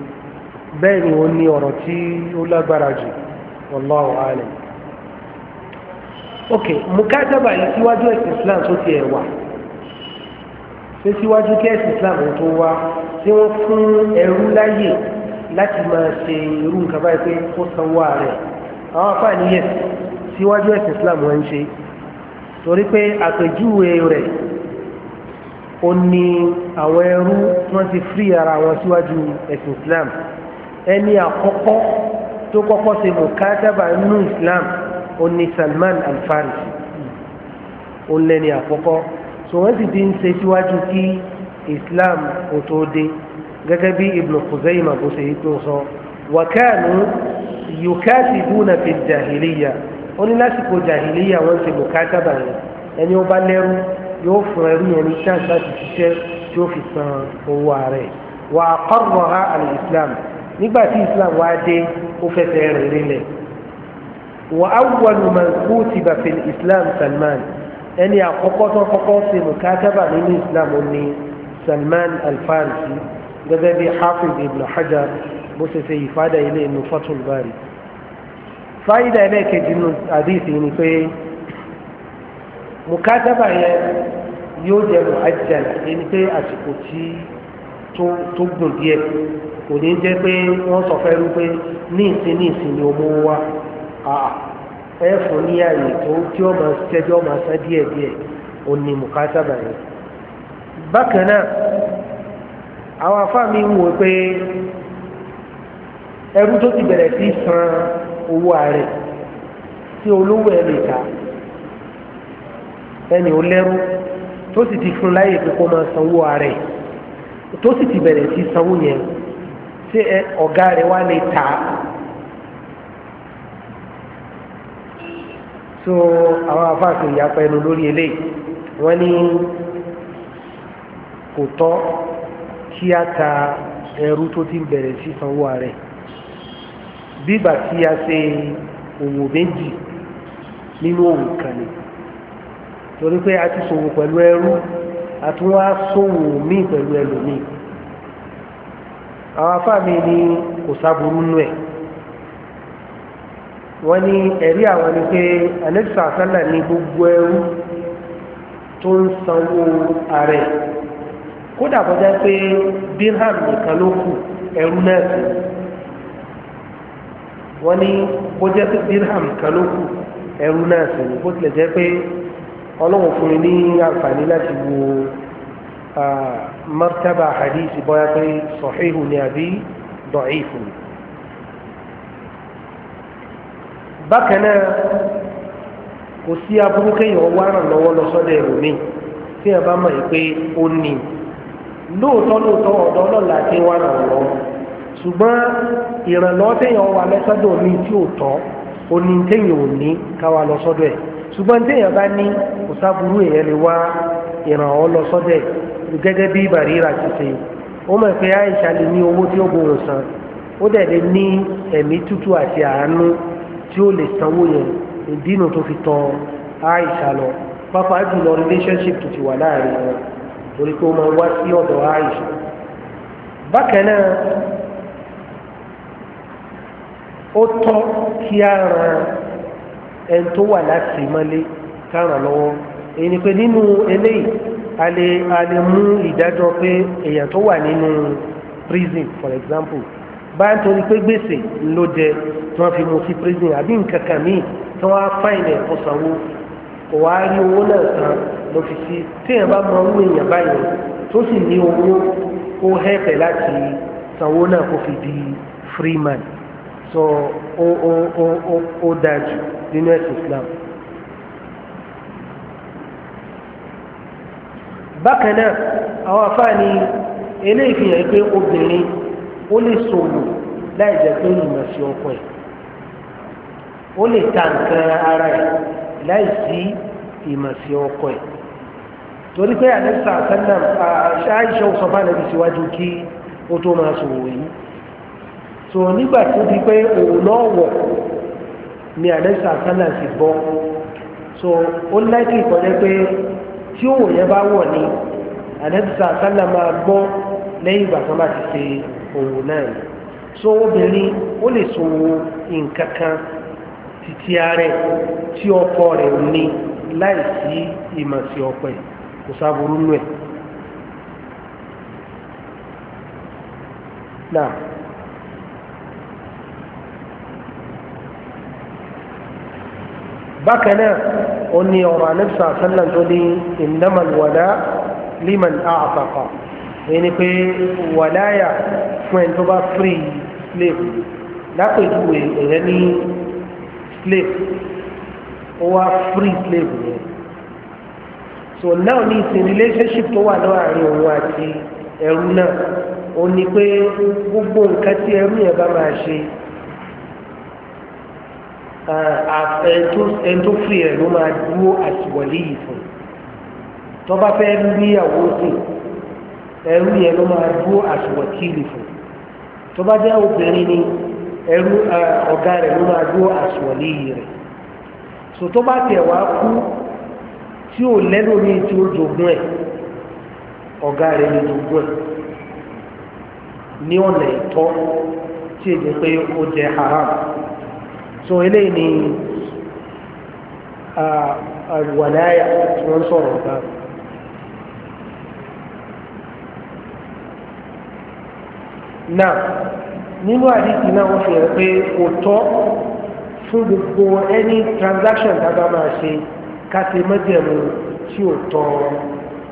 bẹ́ẹ̀ ni ó ní ọ̀rọ̀ tí ó lágbára jù wallahu alim ok mukataba yìí síwájú ẹ̀sìn islam tó ti ẹ̀ wà ṣé síwájú kí ẹ̀sìn islam tó wá tí wọ́n fún ẹrú láyè láti máa ṣe irú nǹkan báyìí pé ó sanwó ààrẹ àwọn afáàní yẹn síwájú ẹ̀sìn islam wọ́n ń ṣe torí pé àpèjúwe rẹ̀ ó ní àwọn ẹrú tí wọ́n ti fírí ara wọn síwájú ẹ̀sìn islam ẹni àkọ́kọ́ tó kọ́kọ́ ṣe mukataba nínú islam ó ní Salman Al-Farisi ó lẹ́ni àkọ́kọ́ so wọ́n sì ti ń ṣe síwájú kí Islam ó tó dé gẹ́gẹ́ bí Ibn Khuzaima bó ṣe tó sọ wa kanu yukatibuna fi jahiliya ó ní lásìkò jahiliya wọ́n ti mukataba yẹn ẹni ó bá lẹ́rú yóò fún ẹrú yẹn ní chance láti ṣiṣẹ́ tí ó fi san owó ààrẹ wa aqarraha al-Islam nígbà tí Islam wá dé ó fẹsẹ̀ rẹ̀ rinlẹ̀ wa awwalu man kutiba fil islam salman ẹni àkọ́kọ́ tó kọ́kọ́ ṣe mukataba nínú islam ní salman alfarisi gẹ́gẹ́ bí hafiz ibn hajar bó ṣe ṣe ìfádà ilé inú fatul bari fáyidà ẹlẹ́ẹ̀kejì nínú àdìsí ni pé mukataba yẹn yóò jẹ mu'ajjal ẹni pé àsìkò tí tó gùn díẹ̀ kò ní jẹ́ pé wọ́n sọ fẹ́ rú pé ní ìsìn ní ìsìn ni ó mú wá. Ah, ẹ fún ní àyè tó tí ó máa tẹ́jọ́ máa sá díẹ̀díẹ̀ ó ní mùkátàbà yẹn bákan náà àwọn afáà mi ń wò pé ẹrú tó ti bẹ̀rẹ̀ sí san owó ààrẹ tí olówó ẹ lè ta ẹni ò lẹ́rú tó sì ti fún láyè pé kó máa sanwó ààrẹ tó sì ti bẹ̀rẹ̀ sí sanwó yẹn ṣé ọ̀gá rẹ̀ wá lè ta so àwọn afáàfin ìyapa ẹnu lórí eléyìí wọ́n ní kò tọ́ kí a ta ẹrú tó ti bẹ̀rẹ̀ sí sanwó ààrẹ bígbà tí a ṣe òwò méjì nínú òwò kan torí pé a ti ṣòwò pẹ̀lú ẹrú àtúnwá ṣòwò míì pẹ̀lú ẹlòmíì àwọn afáàmì ni kò sáburú nú ẹ̀ wọ́n ní ẹ̀rí àwọn ni pé anẹ́sà sálà ní gbogbo ẹrú tó ń sanwó ààrẹ kódà kọjá pé dirham nìkan ló kù ẹrú náà sí wọ́n ní bójá pé dirham nìkan ló kù ẹrú náà sí bó tilẹ̀ jẹ́ pé ọlọ́run fún mi ní àǹfààní láti wo ah, martaba hadith bóyá pé sọ̀híhù ni àbí dọ̀ífù ni. bákan náà kò sí aburú kéèyàn wá ràn lọ́wọ́ lọ sọ́dọ̀ ẹlòmíì tí ẹ bá mọ̀ yìí pé ó ní lóòótọ́ lóòótọ́ ọ̀dọ́ ọlọ́lá ti wá ràn lọ́wọ́ ṣùgbọ́n ìrànlọ́wọ́ téèyàn wà lọ́sọ́dọ̀ mi tí ò tọ́ ó ní téèyàn ò ní ẹ̀ ṣùgbọ́n téèyàn bá ní kò sáburú èèyàn lè wá ìrànwọ́ ẹ̀ gẹ́gẹ́ bí tí ó lè sanwó yẹn ìdínà tó fi tọ Aisha lọ pápá jùlọ relationship tó ti wà láàrin wọn torí pé ó máa wá sí ọ̀dọ̀ Aisha bákan náà ó tọ́ kí a ran ẹni tó wà láti mọ́lé ká ràn lọ́wọ́ èyí ni pé nínú eléyìí a lè a lè mú ìdájọ́ pé èèyàn tó wà nínú prison for example báyìí torí pé gbèsè ló jẹ tí wọ́n fi mú sí prison àbí nǹkan kan míì tí wọ́n á fáìnì ẹ̀kọ́ sanwó kò wá rí owó náà tán ló fi sí téèyàn bá mọ owó èèyàn báyìí tó sì ní owó kó hẹ́pẹ̀ láti sanwó náà kó fi di free so ó ó ó ó ó dáa jù nínú ẹ̀sìn Islam. bákan náà àwọn afáàní eléyìí fi hàn pé obìnrin ó lè sòwò láì jẹ́ pé ìmọ̀ sí ọkọ ẹ̀ ó lè ta nǹkan ara ẹ̀ láì sí ìmọ̀ sí ọkọ ẹ̀ torí pé àlẹ́sà sẹ́lẹ̀m àṣàìṣọ́ sọfà lẹ́bi síwájú kí ó tó máa sòwò yìí so nígbà tó di pé òun náà wọ̀ ni àlẹ́sà sẹ́lẹ̀m sì bọ́ so ó lẹ́kì ìkọ́jẹ́ pé tí òun yẹn bá wọ̀ ni àlẹ́sà sẹ́lẹ̀m máa gbọ́ lẹ́yìn ìgbà tó bá ti ṣe é òun náà ni so obìnrin ó lè sòwò nǹkan kan títí ààrẹ tí ọkọ rẹ̀ ní láìsí ìmọ̀ sí ọpẹ kò sáburú nù ẹ̀. náà bákanáà ó ní ọ̀rọ̀ anẹ́bísà sálàm tó ní innamal wala liman a'taqa ẹni pé wàláyà fún ẹni tó bá free slave lápèjúwe ẹ̀yẹ ní slave ó wá free slave yẹn so now ní ìsìn relationship tó wà láàrin òun àti ẹrú náà ó ní pé gbogbo nǹkan tí ẹrú yẹn bá máa ṣe ẹni tó free ẹ̀ ló máa dúró àtiwọlé yìí fún tó bá fẹ́ níyàwó sí ẹrú yẹn ló máa dúró àtiwọ̀kìlì fún tó bá jẹ́ obìnrin ni ẹrú ọ̀gá rẹ̀ ló máa dúró àsùnwọ̀lé yìí rẹ̀ so tó bá tẹ̀ wá kú tí ò lẹ́nu ní tí ó jogún ẹ̀ ọ̀gá rẹ̀ ló jogún ẹ̀ ní ọ̀nà ẹ̀tọ́ tí èdè pé ó jẹ haram so eléyìí ni àwàláyà tí wọ́n sọ̀rọ̀ báyìí. náà nínú àdìsí náà wọ́n fi hàn pé kò tọ́ fún gbogbo any transaction tá a bá máa ṣe ká ṣe mọ́jẹ̀mú tí ò tọ́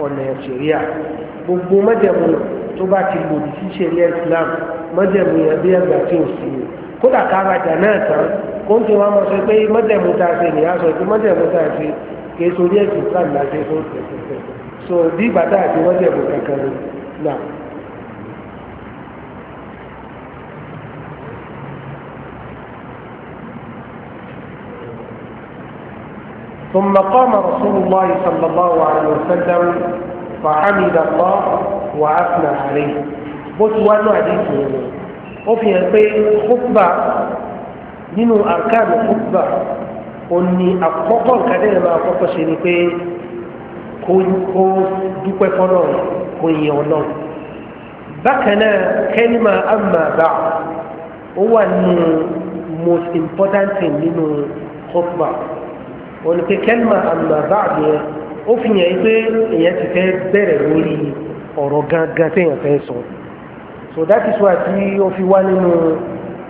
ọ̀nà ìṣẹ̀ríà gbogbo mọ́jẹ̀mú tó bá ti lòdì sí ìṣẹ̀lẹ̀ Islam mọ́jẹ̀mú yẹn bí ẹgbà tí ò sí kódà kárajà náà tán kó ń ti wọn mọ sọ pé mọ́jẹ̀mú tá a ṣe nìyá sọ pé mọ́jẹ̀mú tá a ṣe kì í sori ẹ̀sìn Islam láti fún so bí bàtà àti mọ́jẹ̀mú kankan náà. ثم قام رسول الله صلى الله عليه وسلم فحمد الله وأثنى عليه بس وانو حديثه وفي البيت خطبة nínú àrkánu khutba òní àkọ́kọ́ nǹkan ẹ̀ máa kọ́kọ́ ṣe ni pé kó dúpẹ́ fọ́nà kó yìn ọ̀nà bákan náà kẹ́límà amma ba'd ó wà nínú most important thing nínú khutba oníke kẹ́lìmà àmà báàbí yẹn ó fi yẹn pé èèyàn ti fẹ́ bẹ̀rẹ̀ lórí ọ̀rọ̀ gangan téèyàn fẹ́ sọ so that is why tí ó fi wá nínú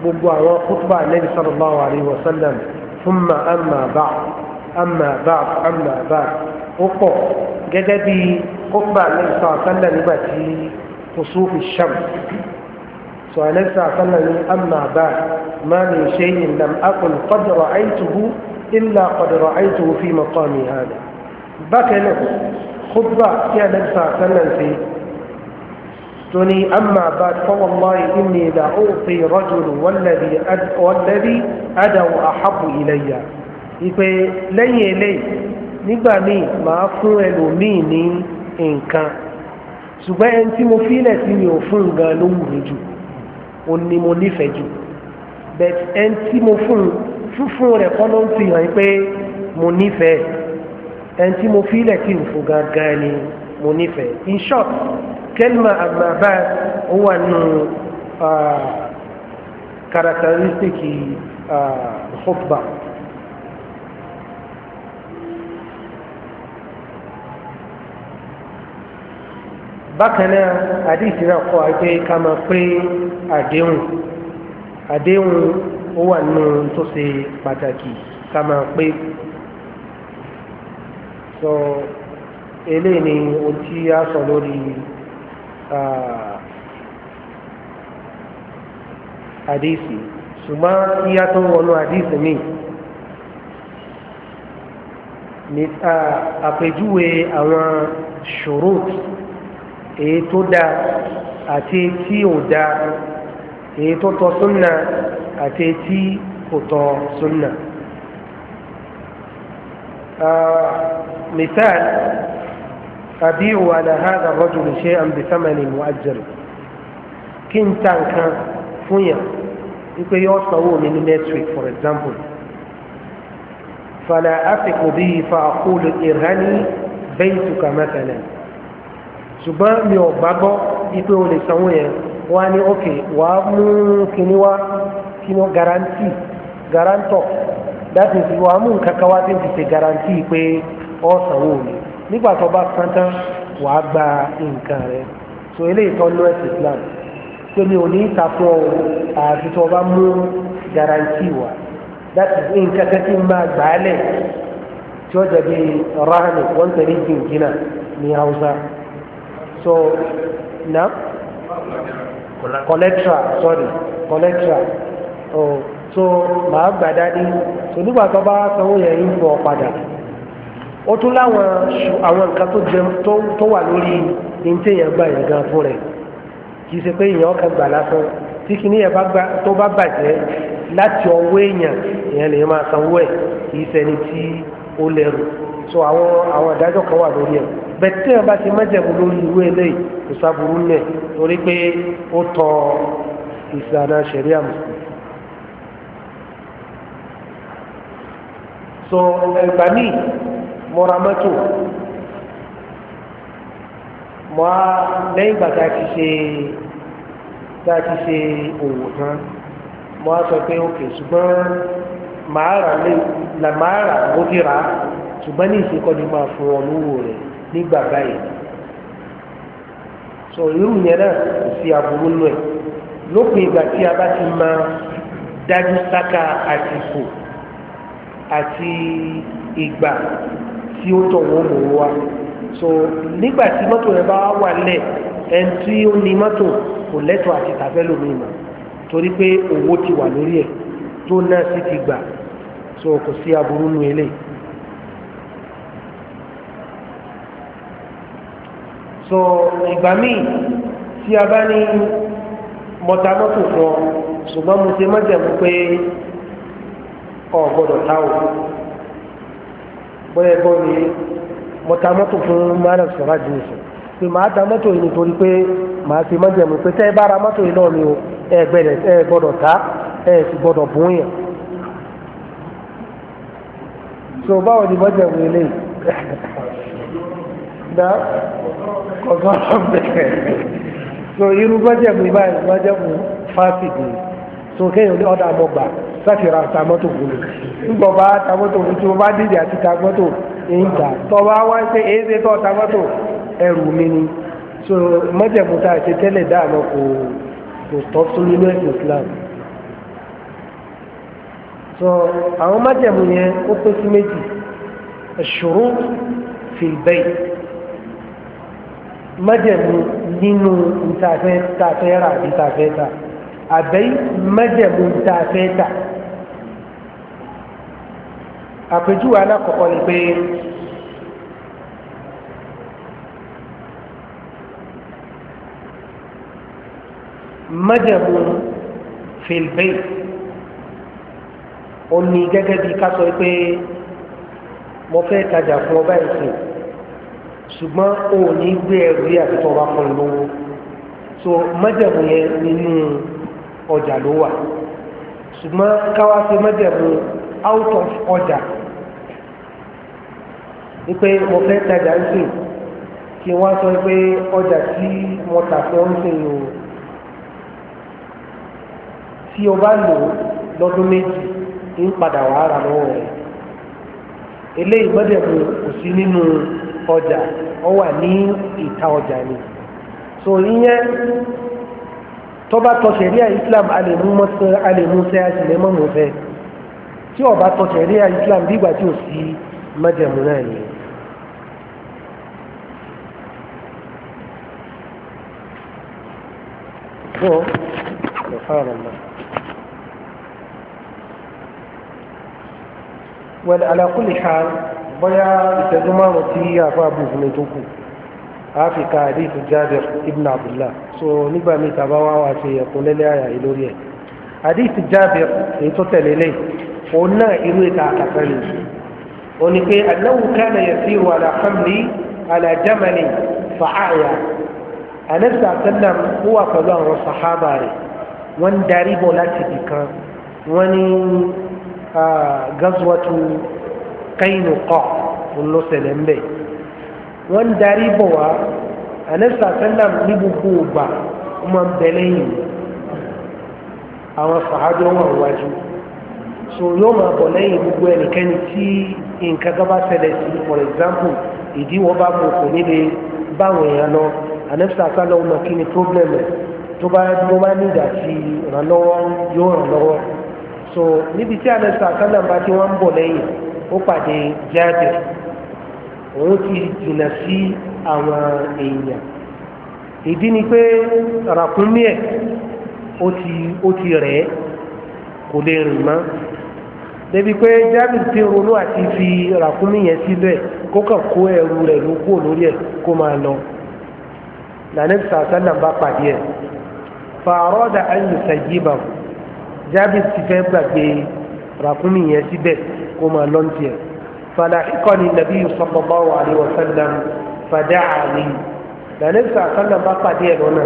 gbogbo àwọn kútùbà nẹ́bí sallallahu alayhi wa sallam fún ma àmà báà àmà báà àmà báà ó pọ̀ gẹ́gẹ́ bí kútùbà nẹ́bí sallallahu alayhi wa sallam nígbà tí kusufi shams so anẹ́bí sallallahu alayhi wa sallam ní àmà báà ma min lam akun qad ra'aytuhu إلا قد رأيته في مقامي هذا بكنا خطبة يا نبسا سنن في تني أما بعد فوالله إني لأعطي رجل والذي أد والذي أدعو أحب إلي ìpè lẹ́yìn eléyìí nígbà míì màá fún ẹlòmíì ní nǹkan ṣùgbọ́n ẹni tí mo fílẹ̀ sí mi ò fún gan ló wù mí jù ó ní mo nífẹ̀ẹ́ jù bẹ́ẹ̀ ẹni tí mo fún un fúnfún rẹ̀ kọ́ ló ń fi hàn pé mo nífẹ̀ẹ́ ẹni tí mo fi ilẹ̀ kí n fún gangan ni mo nífẹ̀ẹ́ in short kelma agbaba ó wà nù characteristic khutba. bákan náà àdìsí náà kọ́ àgbẹ̀ ká pé àdéhùn àdéhùn ó wà nínú tó ṣe pàtàkì ká máa pé sọ eléyìí ni ohun tí a sọ lórí àdéhìsì ṣùgbọ́n yíyá tó wọnú àdéhìsì mi ní àpèjúwe àwọn ṣòro èyí tó dáa àti tí ò dáa èyí tó tọ súnà àti etí kò tọ súnà. مثال أبيع على هذا الرجل شيئا بثمن مؤجر كنت كان فويا يقول يوصلوا من next week for example فلا أثق به فأقول ارهني بيتك مثلا ṣùgbọ́n mi ò gbàgbọ́ ipe o lè sanwó yẹn wọ́n á ní ok wà á mú kíní wá kíní garanti garanto that is wà á mú nǹkan kan wá tí ń fi ṣe garanti pé ọ̀ sanwó mi nígbà tó bá san wà á gba nǹkan rẹ so eléyìí tó lọ ẹ̀sìn Islam pé mi ò ní fún ọ àti tó bá mú garanti wá that is nǹkan kan tí ń máa gbà á lẹ̀ tí ó dàbí rahani wọ́n tẹ̀lé jìngínà ní Hausa so now collector sorry collector oh so màá gbà dání so nígbà tó bá sanwó yẹn yín fọ padà ó tún láwọn àwọn nǹkan tó jẹ tó wà lórí ní téèyàn gbà yẹn gan fún rẹ kì í ṣe pé èèyàn kan gbà lásán tí kìíní yẹn tó bá bàjẹ́ láti ọwọ́ èèyàn èèyàn lè máa sanwó ẹ̀ kì í ṣẹni tí ó lẹ́rù so àwọn àwọn àdájọ́ kan wà lórí ẹ̀ bẹ̀tẹ̀ ọba ti mẹ́jẹ̀mú lórí ìwé eléyìí kò sábúrú lẹ̀ torí pé ó tọ ìsànà ṣẹ̀ríà mùsùlùmí. so ẹgbà míì mọ́ra mọ́tò mọ́ a lẹ́yìn ìgbà tá a ti ṣe tá a ti ṣe òwò tán mọ́ a sọ pé òkè ṣùgbọ́n màá rà lé màá rà ó rà ṣùgbọ́n ní ìṣèkọ́ni máa fún ọ lówó rẹ̀ nígbà báyìí sọ irú yẹn náà kò sí aburú nù ẹ lópin ìgbà tí a bá ti máa dájú sáká àtìkù àti ìgbà tí ó tọ̀ wọ́n mọ̀ wá so nígbà tí mọ́tò rẹ̀ bá wà lẹ̀ ẹni tí ó ní mọ́tò kò lẹ́tọ̀ọ́ àti tàfẹ́ lómi mọ̀ torí pé owó ti wà lórí ẹ̀ tó náà sì ti gbà so kò sí aburú nù eléyìí. so ìgbà míì tí a bá ní mọ̀tà mọ́tò fún ọ ṣùgbọ́n mo ṣe májẹ̀mú pé ọ gbọ́dọ̀ ta o bóyá ẹgbọ́n mi mọ̀tà mọ́tò fún mọ́tò sọ̀rọ̀ àjùmọ̀sọ̀ pé màá ta mọ́tò yìí nítorí pé màá ṣe májẹ̀mú pé tẹ́ ẹ bá ra mọ́tò yìí náà mi o ẹ gbọ́dọ̀ ta ẹ sì gbọ́dọ̀ bùn yàn so báwo ni májẹ̀mú eléyìí. kọ̀ọ̀kan ọ̀bẹ̀ so irú májẹ̀mú báyìí májẹ̀mú fásitì so kéèyàn ní ọ̀dà àmọ́gbà láti ra ta mọ́tò gbòòrò nígbà bá ta mọ́tò gbòòrò tí mo bá dìde àti ta mọ́tò ń ta tọ́ wá pé èéṣe tọ́ ta mọ́tò ẹrù mi ni so májẹ̀mú tá a ṣe tẹ́lẹ̀ dáàmú kò kò tọ́ sí nínú ẹ̀sìn Islam so àwọn májẹ̀mú yẹn ó pín sí méjì ṣùrù fìlbẹ́yì májẹ̀mú nínú ìtafẹ́ tafẹ́ rà àbí tafẹ́ ta àbẹ́ májẹ̀mú tafẹ́ ta àpèjúwe alákọ̀ọ́kọ́ ni pé májẹ̀mú fèlbẹ́ ó gẹ́gẹ́ bí ká pé mo fẹ́ tajà fún ọba ìsìn ṣùgbọ́n o ò ní gbé ẹrù yà tó fún so májẹ̀mú yẹn nínú ọjà ló wà ṣùgbọ́n káwá ṣe out of ọjà wípé mo fẹ́ tajà ń sìn kí wọ́n sọ pé ọjà tí mo o tí o bá lò lọ́dún méjì ń padà wàá lọ́wọ́ rẹ̀ eléyìí kò ọjà ó wà ní ìta ọjà ni so ìyẹn tó bá tọ sẹ̀ríà islam alèmúṣẹ́ àtìlẹ́mọ̀mọ́fẹ́ tí ó bá tọ sẹ̀ríà islam bí ìgbà tí ò sí májẹ̀mú náà nìyẹn. هو سبحان الله وعلى كل حال bóyá ìṣẹ́jú márùn-ún tí àfa bùkún mi tó kù a fi ka hadith jabir ibn abdullah so nígbà míì tàbá wá wá ṣe ẹ̀kún lẹ́lẹ́ àyà yìí lórí ẹ̀ hadith jabir èyí tó tẹ̀lé lẹ́yìn òun náà irú ìta àkàtà ni ó ní pé annahu kana yasiru ala hamli ala jamali fa'aya anabisa sallam ó wà pẹ̀lú àwọn sahaba rẹ̀ wọ́n darí bọ̀ láti bìkan wọ́n ní ah, gazwatu kẹ́yìn kọ́ ló ṣẹlẹ̀ ń bẹ̀. wọ́n ń darí bọ̀ wá anẹ́sà sẹ́lá ní gbogbo ògbà wọ́n máa ń bẹ lẹ́yìn àwọn sàájọ́ wọn wájú so yóò máa bọ̀ lẹ́yìn gbogbo ẹnikẹ́ni tí nǹkan kan bá sí for example ìdíwọ́ bá mú kò nílé báwọn èèyàn lọ anẹ́sà sẹ́lá ọmọ kí ni problem ẹ̀ tó bá tó bá ní ìdá sí yóò ràn lọ́wọ́ so níbi tí anẹ́sà sẹ́lá bá ti wọ́n ń bọ̀ ó pàdé Jabir òun ti jìnnà sí àwọn èèyàn ìdí ni pé ràkúnmí ẹ̀ ó ti ó ti rẹ̀ ẹ́ kò lè rìn mọ́ débi pé Jabir ti ronú àti fi ràkúnmí yẹn sílẹ̀ kó kàn kó ẹrù rẹ̀ ló kúrò lórí ẹ̀ kó máa lọ lànàbí sàlẹ̀ bá pàdé ẹ̀ fàárọ̀dà ayùsàyíbà Jabir ti fẹ́ gbàgbé ràkúnmí yẹn kó máa lọ́n tiẹ̀ falahikani nabi sallallahu alayhi wa sallam fadaani lànàbí sàkàlà bá pàdé ẹ̀ lọ́nà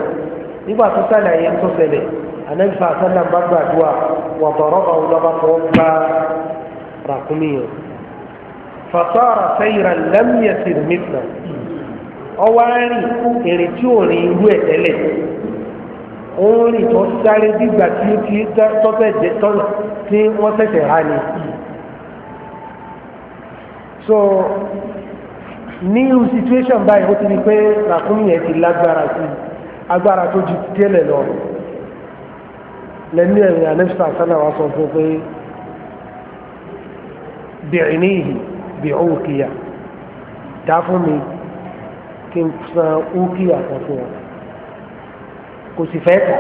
nígbà tó sàlàyé tó ṣẹlẹ̀ ànàbí sàkàlà bá gbàdúrà wà tọ̀rọ̀ ọ̀hún lọ́ba tó gba ràkúnmí yẹn fasara sayran lam yasir mithla ọwọ́ arìn èrè tí ò rìn irú ẹ̀ tẹ́lẹ̀ òun rìn tó sáré dìgbà tí ó ti tọ́fẹ̀ tí wọ́n tẹ̀sẹ̀ há ni so ní situation báyìí ó ti ní pé ràkúnmí yẹn ti lágbára sí agbára tó ju tẹ́lẹ̀ lọ lẹ́nu ẹ̀rìn anẹ́fisà sálà wa sọ fún pé bẹ̀rẹ̀ ní ìhì bẹ̀rẹ̀ òkìyà dá fún mi kí n san òkìyà kan fún ọ kò sì fẹ́ tà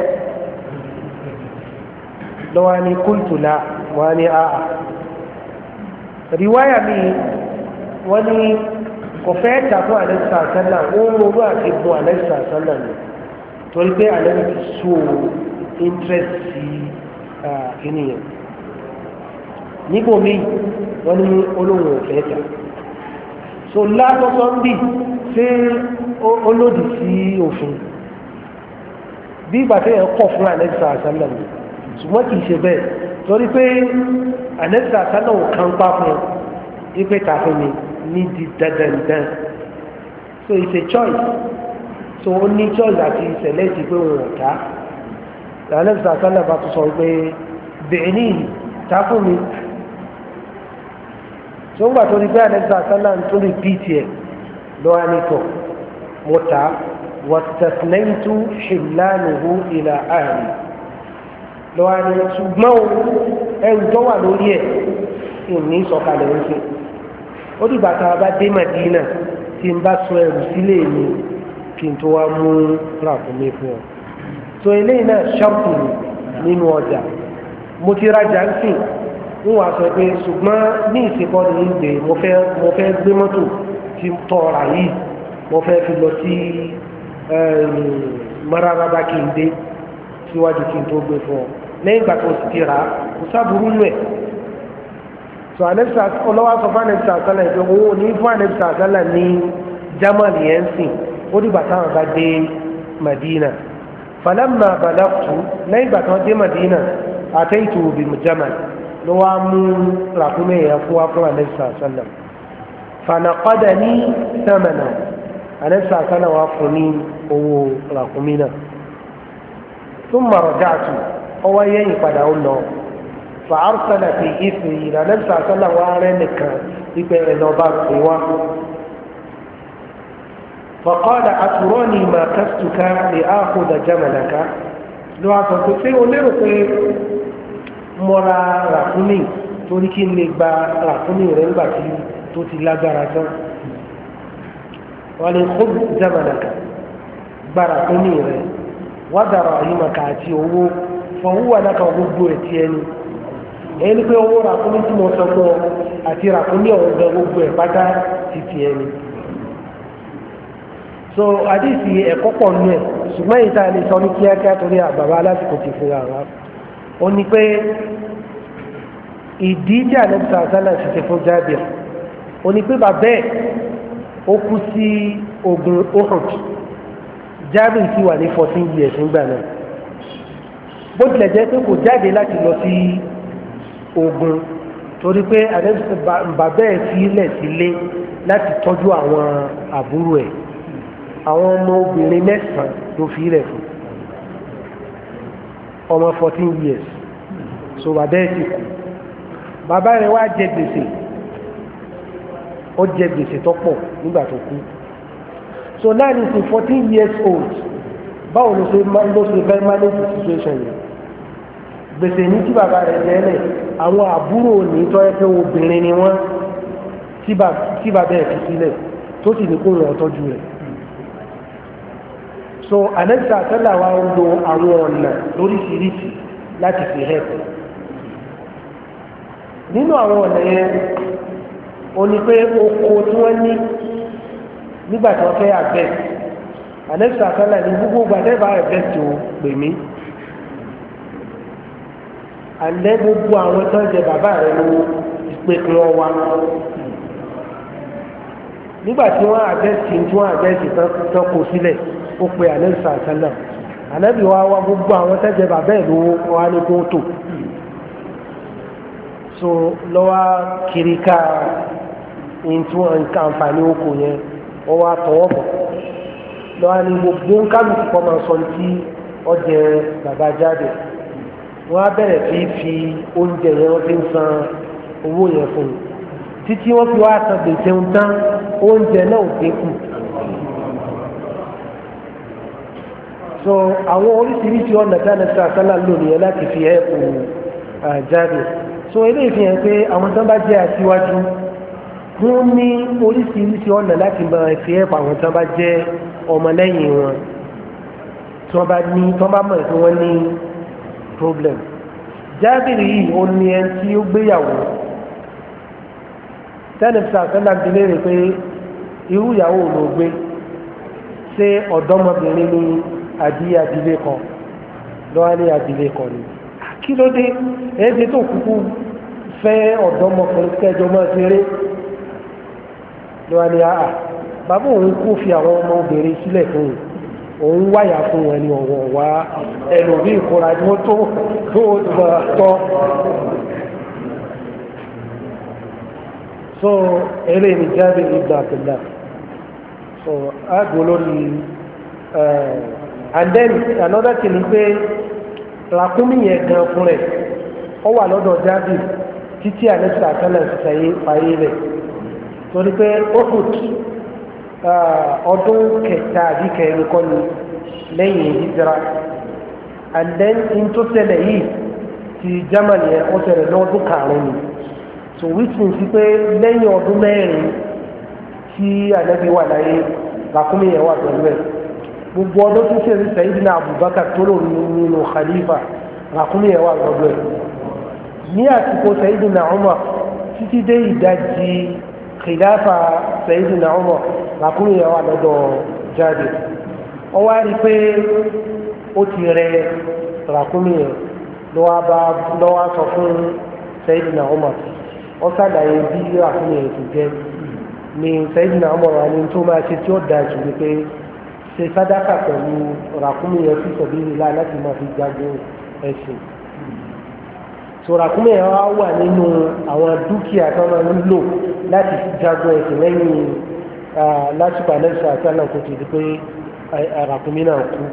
lọ́wọ́ ni kúlùtù la wọ́n á ní àà rìwáyà mi wọ́n ní kò fẹ́ tàkó àlẹ́sà sálà ó ń ronú àti bu àlẹ́sà sálà ni torí pé àlẹ́sà ti so interest sí ènìyàn nígbò míì wọ́n ní olóhùn ò fẹ́ tà so látọ́tọ́ ń bì ṣé olódì sí òfin bí ìgbà tí èèyàn kọ̀ fún àlẹ́sà sálà ni ṣùgbọ́n kì í ṣe bẹ́ẹ̀ torí pé àlẹ́sà sálà ò kan pa fún un ipe tàfin ni ní di dandandan so it's a choice so ó ní choice àti select pé òun ọ̀tá lànàbí sàkálà bá tó sọ pé bẹ̀ẹ́nì ta fún mi so ń gbà tó rí pé ànàbí sàkálà ń tún repeat ẹ̀ lọ́wọ́ ànìtọ̀ mo ta wàtàtìlẹ́yìn tó ṣèlánìhó ìlà àárín lọ́wọ́ ànìtọ̀ ṣùgbọ́n ẹrù tó wà lórí ẹ̀ Odi dìgbà tá bá dé Madina tí n bá sọ ẹrù sílé mi kí n tó wá mú ràkúnmí fún ọ so eléyìí náà ṣọ́ọ̀kù nínú ọjà mo ti rajà ń sìn ń wàá sọ pé ṣùgbọ́n ní ìsìnkọ́ ni ń gbé mo fẹ́ mo fẹ́ gbé mọ́tò tí tọ́ra yìí mo fẹ́ fi lọ sí mararaba kí n dé síwájú kí n tó gbé fún ọ lẹ́yìn ìgbà tó ti ra kò sábúrú nù ẹ̀. so anabisa ọlọ́wọ́ fún anabisa asálà yìí pé owó ní fún anabisa asálà ní germany yẹn sìn ó dìgbà táwọn bá dé madina falamma balaqtu lẹ́yìn dé madina àtẹ́yìtò òbí germany ló wá mú yẹn fún wa fún anabisa asálà fanakọ́dà ní sẹ́mẹ̀nà anabisa asálà wa fún ní owó ràkúnmẹ́ náà tó mọ̀rọ̀ dáàtú ọwọ́ padà fàársẹ̀lẹ̀ fi ìsìn ìlà lẹ́bùsà sọ́là wa rẹ̀ nìkan ìpè rẹ̀ lọ́ba pè wá. fọ̀kọ́dà àtúrọ́ ni mà kásùkà lè áàkó dàjà màlàkà ló wá sọ pé ṣé o lérò pé mọ́ra ràkúnmí torí kí n lè gba ràkúnmí rẹ̀ nígbà tó ti lágbára tán wọ́n lè kó jamanaka gbára tó rẹ̀ wádàrà àyímaka àti owó fọwọ́wà náà kan gbogbo ẹ̀ tiẹ̀ ni ẹni pé owó ràkúnmí tí mo sọ fún ọ àti ràkúnmí ọ̀hún gan gbogbo ẹ̀ pátá ti ti ẹni. so àdìsí ẹ̀kọ́ pọ̀ nù ẹ̀ ṣùgbọ́n èyí tá a lè sọ ní kíákíá torí àbàbà alásìkò ti fún wa wá. ó ní pé ìdí tí àlẹ́bùsà sálà ti ti fún Jábìr ó ní pé bàbá ẹ̀ ó kú sí ogun Uhud Jábìr ti wà ní fourteen years nígbà náà bó tilẹ̀ jẹ́ pé kò jáde láti lọ sí. Si ogun torí pé bàbá ẹ̀ fi ilẹ̀ sílé láti tọ́jú àwọn àbúrò ẹ̀ àwọn ọmọ obìnrin mẹ́sàn-án ló fi ilẹ̀ fún ọmọ fourteen years so bàbá ẹ̀ ti kú bàbá rẹ̀ wá jẹ gbèsè ó jẹ gbèsè tó pọ̀ nígbà tó kú so now, ní sí fourteen years old báwo ló ṣe fẹ́ manage the situation yẹn gbèsè ní tí bàbá rẹ̀ jẹ́ lẹ̀ àwọn àbúrò ní tọ́yẹ́ obìnrin ni wọ́n tí bàbá ẹ̀ fi sílẹ̀ tó sì ní kó rẹ̀ ọ̀tọ́jú rẹ̀ so anẹ́sà àtẹ́lẹ̀ wa ń lo àwọn ọ̀nà lóríṣiríṣi láti fi hẹ́pẹ̀ nínú àwọn ọ̀nà yẹn o ní pé oko tí wọ́n ní nígbà tí wọ́n fẹ́ àgbẹ̀ anẹ́sà àtẹ́lẹ̀ ní gbogbo gbàdẹ́bà àgbẹ̀ tó pè mí àlẹ́ gbogbo àwọn tó ń jẹ bàbá rẹ lówó ìpè kí wọ́n wá nígbà tí wọ́n àgẹ́sì tí wọ́n àgẹ́sì tán kó sílẹ̀ ó pe àlẹ́ sàtẹ́lẹ̀ ànábì wa wá gbogbo àwọn tó ń jẹ bàbá ẹ̀ lówó wọn ní kó so lọ́wọ́ kiri ká nǹkan àǹfààní oko yẹn wọ́n wá tọwọ́ bọ̀ lọ́wọ́ ni gbogbo ń kálukú kọ́ máa sọ ní tí ọjẹ́ bàbá jáde wọ́n á bẹ̀rẹ̀ sí fi oúnjẹ yẹn wọ́n fi ń san owó yẹn fún un títí wọ́n fi wá san gbèsè ń tán oúnjẹ náà ò dínkù. so àwọn oríṣiríṣi ọ̀nà tí a nàìjíríà sálà lónìí yẹn láti fi ẹ̀kú uh, jáde so eléyìí fi hàn pé àwọn tó bá jẹ́ aṣíwájú wọ́n ní oríṣiríṣi ọ̀nà láti máa fi ẹ̀kú àwọn tó bá jẹ́ ọmọlẹ́yìn wọn tí wọ́n bá ní tí wọ́n bá mọ̀ pé wọ́n ní problem jábìrì yìí ó ní ẹni tí ó gbéyàwó tẹ́nifísà sẹ́lá ti léèrè pé irú ìyàwó ló gbé ṣé ọ̀dọ́mọbìnrin ní àbí abilé kan lọ́wọ́ ní abilé kan ni kí ló dé èyí tó kúkú fẹ́ ọ̀dọ́mọkùnrin kẹjọ mọ́ ṣeré lọ́wọ́ ní àà bàbá òun kò fi àwọn ọmọ sílẹ̀ fún un òun wáyà fún wọn ọ̀wọ̀ wá ẹlòmí ìkóra ni tó tó so eré ni jáde ìgbà pẹ̀lá so àgbò lórí eh, and then another thing ni pé làkúnmí yẹn gan fún rẹ̀ ó wà lọ́dọ̀ jáde títí àlẹ́ sàkálẹ̀ sàyé fàyé rẹ̀ torí pé ó kù ọdún kẹta àbí kẹrin kọ́ ni lẹ́yìn hijira and then in tó ṣẹlẹ̀ yìí ti Germany yẹn ó ṣẹlẹ̀ lọ́dún karùn ni so which means pé lẹ́yìn ọdún mẹ́rin tí ànábi wà láyé làkúnmí yẹn wà pẹ̀lú ẹ̀ gbogbo ọdún tí sẹ́yìn Sayyidina Abubakar tó lò nínú khalifa làkúnmí yẹn wà pẹ̀lú ẹ̀ ní àsìkò Sayyidina Umar títí dé ìdajì khilafa Sayyidina Umar. làkúrò yẹn wà lọ́dọ̀ jáde wá rí i pé ó ti rẹ làkúrò yẹn wá sọ fún na ọmọ ọ sàlàyé bí làkúrò yẹn ti jẹ́ ni Sayyidina na wà ní tó máa ṣe tí ó dáa jù pé ṣe sádàkà pẹ̀lú làkúrò yẹn fi sabilillah láti máa fi jagun ẹ̀sìn wà nínú àwọn dúkìá tó máa ń lò láti ẹ̀sìn láti balẹ̀sà sálà kò ti di pé ràkúnmí náà kú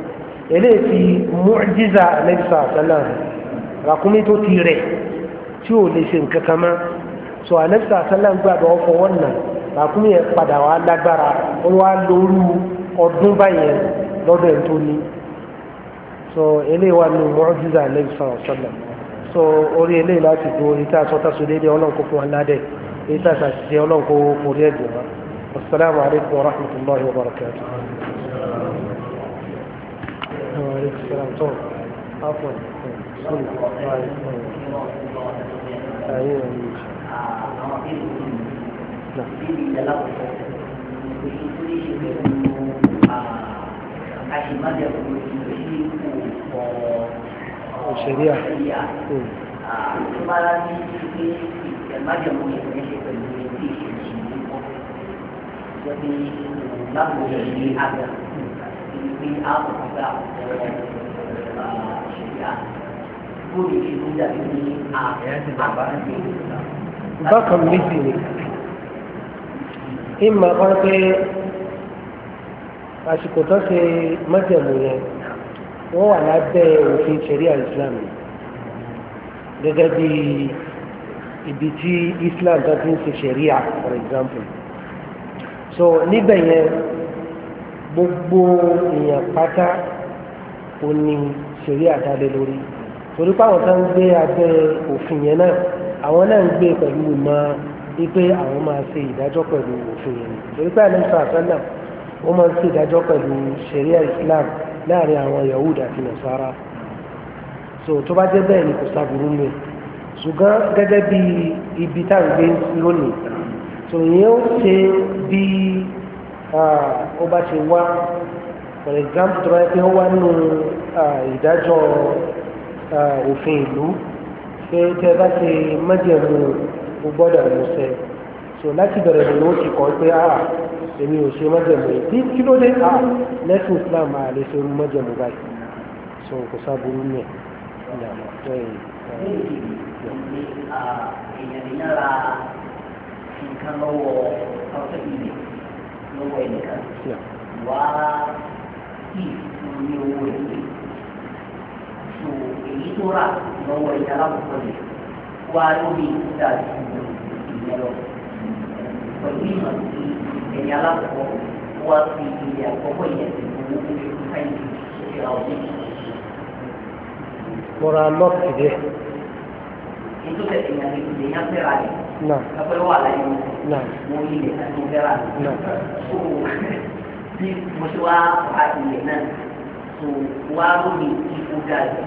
eléyìí ti mu'jiza alẹ́sà sálà ràkúnmí tó ti rẹ̀ tí ò lè ṣe nǹkan kan mọ́ so alẹ́sà sálà gbàgbọ́ fọwọ́ nà ràkúnmí yẹn padà wà lágbára ó wà lóru ọdún báyẹn lọ́dọ̀ ẹ̀ tó ní so eléyìí wà nù mu'jiza alẹ́sà sálà so orí eléyìí láti do ìta sọtasọ déédéé ọlọ́nkó fún aládẹ ìta sàtìsẹ ọlọ́nkó forí ẹ̀jẹ̀ wọn. والسلام عليكم ورحمة الله وبركاته وعليكم السلام طول عفوا بسم الله أيوة Ṣèríà. Ṣé نعم ní ṣe jẹ́ pé láti lè ṣe àgbà ní àkókò ṣẹ̀yà tó lè ṣe ní ìdàgbé ní àgbà ní ìgbà. bákan méjì ni ìmọ̀ kan pé àsìkò tó ṣe mọ́jẹ̀mú yẹn wọ́n wà lábẹ́ òfin ṣẹ̀ríà Islam gẹ́gẹ́ bí ibi tí Islam tó ti ń ṣe ṣẹ̀ríà for example. so níbẹ̀ yẹn gbogbo èèyàn pátá ò ní àdáde lórí torí ń gbé abẹ́ òfin yẹn náà àwọn náà ń gbé pẹ̀lú ìmọ̀ wípé àwọn máa ṣe ìdájọ́ pẹ̀lú òfin yẹn torí pé àlẹ́sọ àfẹ́là ó máa ń ṣe ìdájọ́ pẹ̀lú Islam láàrin àwọn Yahud àti Nasara so tó bá jẹ́ bẹ́ẹ̀ ni kò sábùrú mi ṣùgbọ́n gẹ́gẹ́ bí ibi táwọn gbé sòyìn ó ṣe bí ó bá for example tó bá yẹ pé ó wá nù ìdájọ́ òfin ìlú pé tẹ́ bá ṣe májẹ̀mú o gbọ́dọ̀ so láti bẹ̀rẹ̀ ni ó ti kọ́ pé a èmi ò ṣe májẹ̀mú yìí kí ló dé a lẹ́sìn Islam a lè ṣe májẹ̀mú báyìí so kò sábúrú ní ẹ̀ ní kan lọ́wọ́ ọ̀sẹ̀ ìlú lọ́wọ́ ẹnìkan wá kí ní owó ìwé so èyí tó rà lọ́wọ́ ẹ̀yà alákòókò rẹ̀ wá lórí ìdá ìṣòro ìyẹn lọ pẹ̀lú ìmọ̀ sí ẹ̀yà alákòókò wá sí ilé àkọ́kọ́ ìyẹn tó owó tó fún káyọ̀ ìṣòro ìṣòro àwọn mo ra lọ́ọ̀kì dé ètò tẹ̀sí ní àti ìdè yẹn fẹ́ ra rẹ̀ ẹgbẹ́ wà láyé mo yí so bí mo ṣe so wá lórí ipò ga ju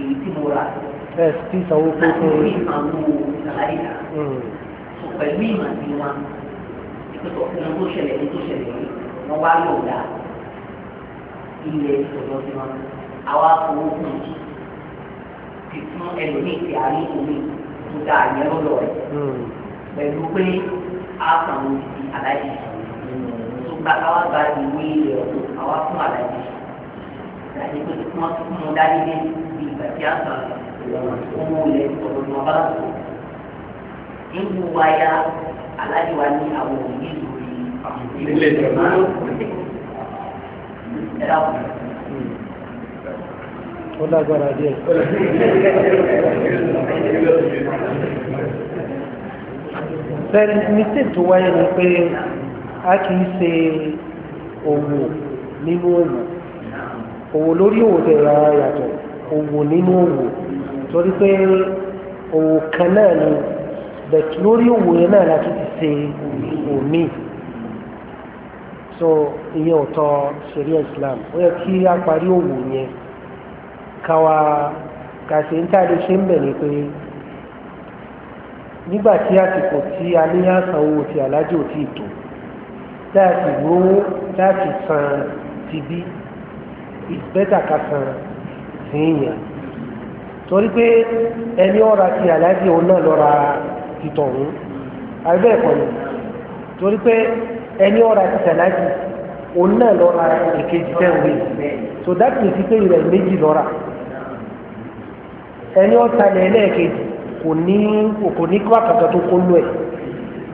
èyí tí mo rà bẹ́ẹ̀ tí ìsanwó so pẹ̀lú ìmọ̀ sí wọn ìpètò ọ̀sẹ̀ tó ṣẹlẹ̀ ní tó ṣẹlẹ̀ yìí wọ́n wá lò dá ilẹ̀ ìṣòro sí wọn àwa fowó fún mi ti fún ẹlòmíì ti àárín omi tó dáa yẹn lọ́dọ̀ rẹ̀ hmm. pẹ̀lú pé a kàn ń di aláìsí tó gba káwá gba ìwé ilẹ̀ ọ̀dọ̀ káwá fún aláìsí láti pé wọ́n fún un dání dé ìgbà tí a kàn owó ilẹ̀ ọ̀dọ̀ ní ọba láti nínú wáyà aláìwá ní àwọn òní lórí àwọn ìlú ẹ̀dá ọ̀dọ̀ ó lágbára díẹ̀. bẹ́ẹ̀ni mistake tó wáyé ni pé a kì í ṣe òwò nínú òwò òwò lórí òwò tẹ̀ ra yàtọ̀ òwò nínú òwò torí pé òwò kan náà ni but lórí òwò yẹn náà la tún ti ṣe òmí so ìyẹn ò tọ́ ṣẹ̀ríà Islam ó yẹ kí a parí òwò yẹn káwa kàṣe ń tàbí ṣe ń bẹ̀ ni pé nígbà tí àsìkò tí a ní àsàn owó ti alájò tí ì tó láti gbówó láti san ti bí ìbẹ́tà ká san sí ìyàn torí pé ẹni ọ̀ra ti alájò náà lọ́ra títọ̀hún àbẹ́ẹ̀kọ́ ni torí pé ẹni ọ̀ra ti alájò òun náà lọ́ra èkejì tẹ́wé so that means pé rẹ̀ méjì lọ́ra ẹni ọ̀talẹ̀ ẹlẹ́ẹ̀kejì kò ní kò ní kó àkàtà tó kó lú ẹ̀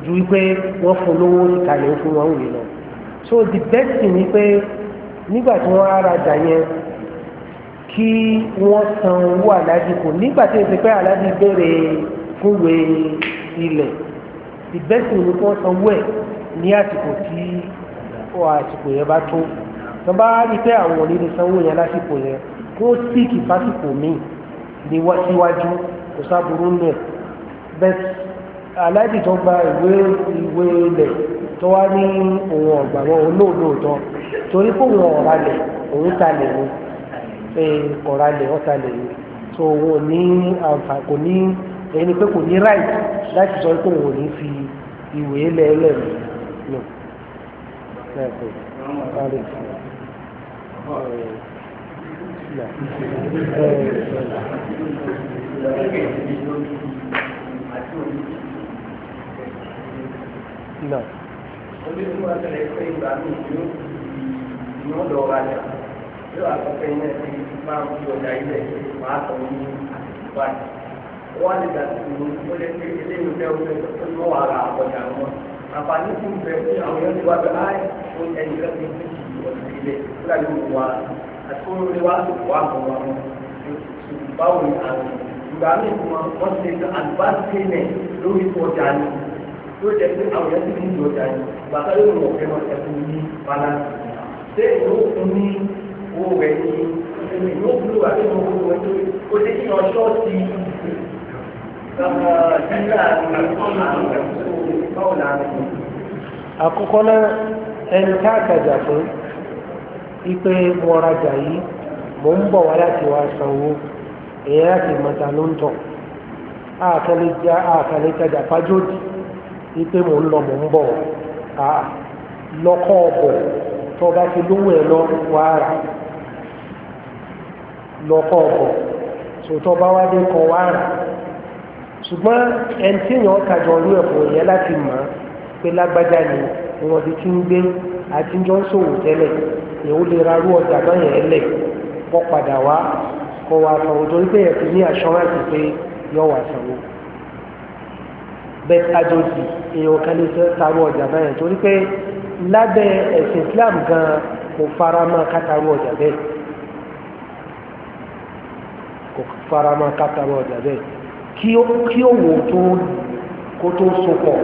ju wípé wọ́n fún lówó ìtàlẹ̀ fún wọn òye lọ so the best thing ni pé nígbà tí wọ́n ara jà yẹn kí wọ́n san owó aláàjì kù nígbà tí èsì pé aláàjì béèrè ilẹ̀ the best thing ni kí wọ́n san owó ẹ̀ ní àsìkò tí ó àsìkò yẹn bá tó tó bá rí pé àwọn òní lè sanwó yẹn lásìkò yẹn kó síìkì fásìkò míì ní síwájú kò sábúrú nù ẹ̀ bẹ́ẹ̀ aláàjì tó gba ìwé ìwé ilẹ̀ tó wá ní òun ọ̀gbà wọn òun náà lóòótọ́ torí pé òun ọ̀ra lẹ̀ òun ta lẹ̀ ni ọ̀ra lẹ̀ ọ̀ta lẹ̀ ni so òun ò ní àǹfààní kò ní ẹni pé kò ní right láti sọ pé òun ò ní fi ìwé lẹ́ẹ̀lẹ́ẹ̀ Náà wọ́n á lè dà sí ìlú ó lé pé eléyìí fẹ́ ó fẹ́ tó ní wàhálà ọjà wọn àǹfààní tí ń bẹ fún àwọn èèyàn níwájú láì fún ẹni rẹ ti fi kì í ọ̀sẹ̀ ilé fúlà ní òkú wa àti wọn lè wá sí wà bọ̀ wà wọn báwo ni àmì ìgbà míì fún wọn wọn ti ṣe advance payment lórí ọjà ni tó jẹ pé àwọn èèyàn ti fi ń di ọjà ni bàtà yóò wọ ọ̀fẹ́ wọn ẹ̀kú ní balance ṣé ìlú òkun ní owó rẹ̀ ní ìlú òkun ló wà nínú owó rẹ̀ ọjọ́ ti àkọ́kọ́ náà ẹni tá àkàjà fún ipe mo rajà yìí mo ń bọ̀ wá láti wá sanwó èyí láti mọ̀ta ló ń tọ̀ àkàlẹ̀ ìtajà fájòdì ipe mo ń lọ mo ń bọ̀ lọ́kọ́ ọ̀bọ̀ tó bá ti lówó ẹ̀ lọ wá rà lọ́kọ́ ọ̀bọ̀ tó tọ́ bá wá dé kọ wá rà ṣùgbọ́n ẹni tí èèyàn kájọ orú ẹ̀kọ́ yẹn láti mọ̀ ọ́ pé lágbájá ni wọn ti ti ń gbé àti jọ ń ṣòwò tẹ́lẹ̀ èèwọ̀ lè ra rú ọjà náà yẹn lẹ̀ kọ́ padà wá kọ́ wa sanwó torí pé ẹ̀sìn ní assurance pé yọ wà sanwó bẹ́ẹ̀ àjòjì èèyàn kan lè fẹ́ ta rú ọjà náà yẹn torí pé lábẹ́ ẹ̀sìn Islam gan kò fara mọ́ kátàrú ọjà bẹ́ẹ̀ kò fara mọ́ kátàrú ọjà bẹ́ẹ̀ kí òwò tó kó tó sopọ̀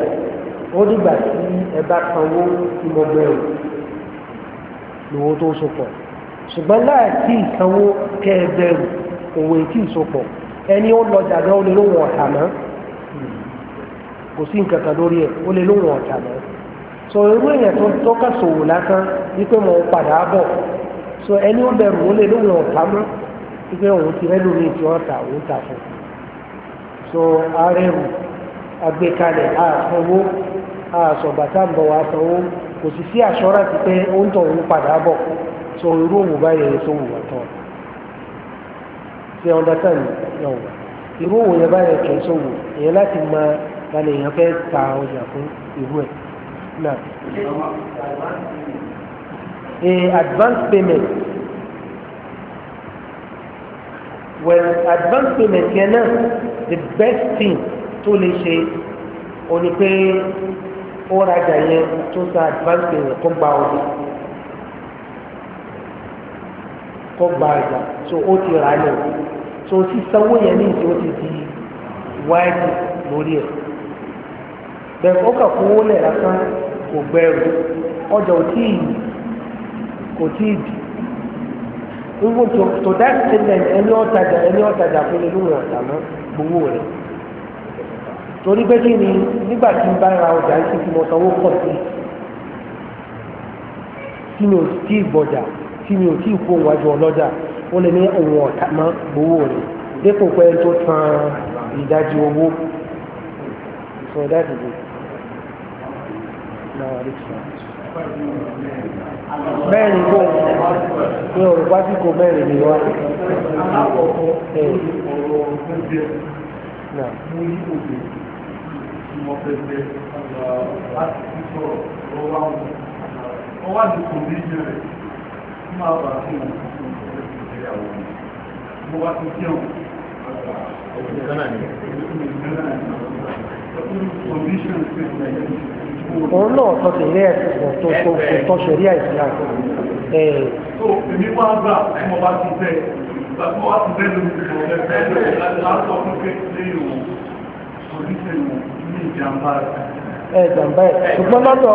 ó dìgbà tí ẹ bá sanwó tí mo gbẹ̀rù lówó tó sopọ̀ ṣùgbọ́n láti ìsanwó kẹ́ẹ̀bẹ̀rù òwò ètí ìsopọ̀ ẹni ó lọ jàdá ó lè lóhun ọ̀tà mọ́ kò sí nǹkan kan lórí ẹ̀ ó lè lóhun ọ̀tà mọ́ so irú èèyàn tó tọ́ka sòwò lásán wípé mo padà bọ̀ so ẹni ó bẹ̀rù ó lè lóhun ọ̀tà wípé òun ti rẹ́ tí wọ́n ta òun ta fún un. so arẹ́rù agbékalẹ̀ àsanwó àsọ̀gbàtàǹbọ̀ wà sanwó kò sì sí àṣọ́rà ti pé ó ń padà bọ̀ so irú òun báyẹ̀ tó wù wà tán ṣe understand náà wà irú òun yẹn báyẹ̀ kẹ́ tó wù èyàn láti mọ balẹ̀ fẹ́ ta ọjà fún irú ẹ̀ náà. advance payment eh, well advance payment yẹn náà the best thing tó lè ṣe o ní pé ó rajà yẹn tó sa advance payment kó gba ọdún kó gba ọjà so ó ti rà lẹ̀ so sísanwó yẹn ní ìdí ó ti di wáìdì lórí ẹ̀ bẹ́ẹ̀ ó kà fún owó lẹ̀ kò gbẹ́rù ọjà ò tí kò tí dì nwo to to that statement ẹni ọ̀tajà ẹni ọ̀tajà fún mi lóhùn ọ̀tà mọ́ gbowó rẹ̀ torí pé kí ni nígbà tí n bá ra ọjà yìí tí mo sanwó pọ̀ sí tí mi ò tí ì gbọ́jà tí mi ò tí ì kó wájú ọlọ́jà wọ́n lè ní òun ọ̀tà mọ́ gbowó rẹ̀ dépò pé tó tan ìdajì owó sọ dáàbò náà wà lè mẹ́rin kò ní òrùn pásíkò mẹ́rin ni wá. Wọ́n wá di kò ní ìjẹ́ rẹ̀, kí máa bàá sí ìwọ̀n fún ìgbéyàwó. Mo wá ti jẹun, ọ̀gbìn kan náà ni òun náà tọ́ tẹ̀lé ẹ̀sìn tó tó kò tọ́ sẹ̀rí àìsíra. tó èmi wá gbà tí mo bá ti bẹ́ẹ̀ ìgbà tí mo bá ti bẹ́ẹ̀ lórí ìgbà ọ̀rẹ́ bẹ́ẹ̀ lórí ìgbà tí mo bá sọ fún kékeré yòó kò ní sẹ́yìn ní ìjàmbá rẹ̀ ẹ jàmbá ẹ ṣùgbọ́n lọ́dọ̀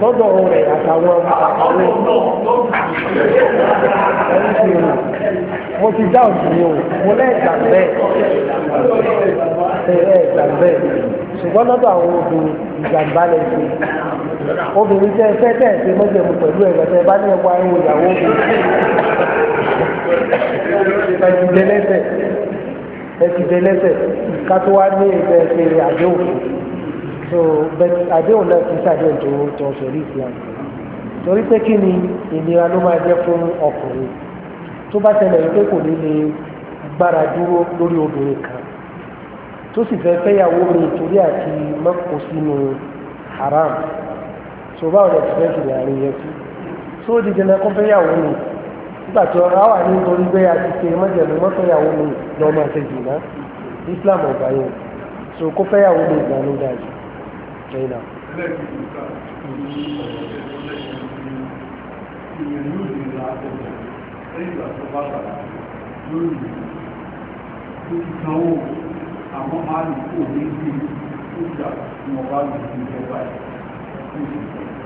wọn lọ́dọ̀ rẹ̀ àtàwọn àtàwọn ẹni o mo ti dá òsì yìí o mo lẹ́ jàmbá ẹ ẹ jàmbá ẹ ṣùgbọ́n lọ́dọ̀ àwọn obìnrin ìjàmbá lẹ ṣe obìnrin tẹ fẹ́ tẹ̀ ṣe mọ́jẹ̀mú pẹ̀lú ẹ̀rọ tẹ bá ní ẹwà ẹ̀wọ̀ ìyàwó obìnrin ẹ̀jì dẹ́lẹ́sẹ̀ ẹ̀jì dẹ́lẹ́sẹ̀ ká tó wá ní ẹ̀jẹ̀ ṣe àdéhùn so but àdéhùn náà kì í ṣàdéhùn tó tó ṣòrí islam torí pé kí ni ìnira ló máa jẹ́ fún ọkùnrin tó bá ṣẹlẹ̀ wípé kò ní lè gbára dúró lórí obìnrin kan tó sì fẹ́ fẹ́yàwó mi torí àti mọ́kò sínú haram so báwo lè fẹ́ fi àárín yẹn sí so ó di dandan kó fẹ́yàwó mi nígbà tó a wà ní torí pé a ti ṣe mọ́jẹ̀mú mọ́fẹ́yàwó mi lọ́ọ́ máa ṣe jù náà islam ọ̀gbà yẹn so kó fẹ́yàwó mi ìgbà ló ẹ̀yìnà àwọn alùpùpù ní ìlú ìjà ní ọba ìlú ìjọba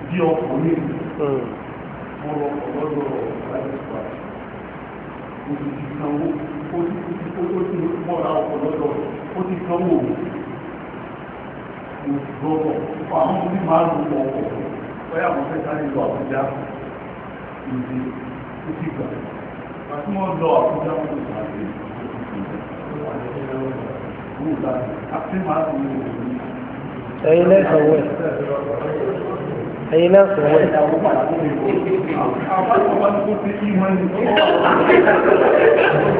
bí ọkùnrin ọ̀rọ̀ ọ̀rọ̀ ọ̀rọ̀ ó ti sanwó ó ti sanwó ó ti mọ́ra ọ̀pọ̀lọpọ̀ ó ti sanwó lọ́pọ̀ àwọn tó ní máa lò pọ̀ pọ̀ bóyá àwọn fẹ́ sáré lọ àbújá ìdí tó ti gbà àti wọ́n lọ àbújá fún ìpàdé ẹ̀yin lẹ́sàn wẹ̀ ẹ̀yin lẹ́sàn wẹ̀. ẹ̀yin ẹ̀yin ẹ̀yin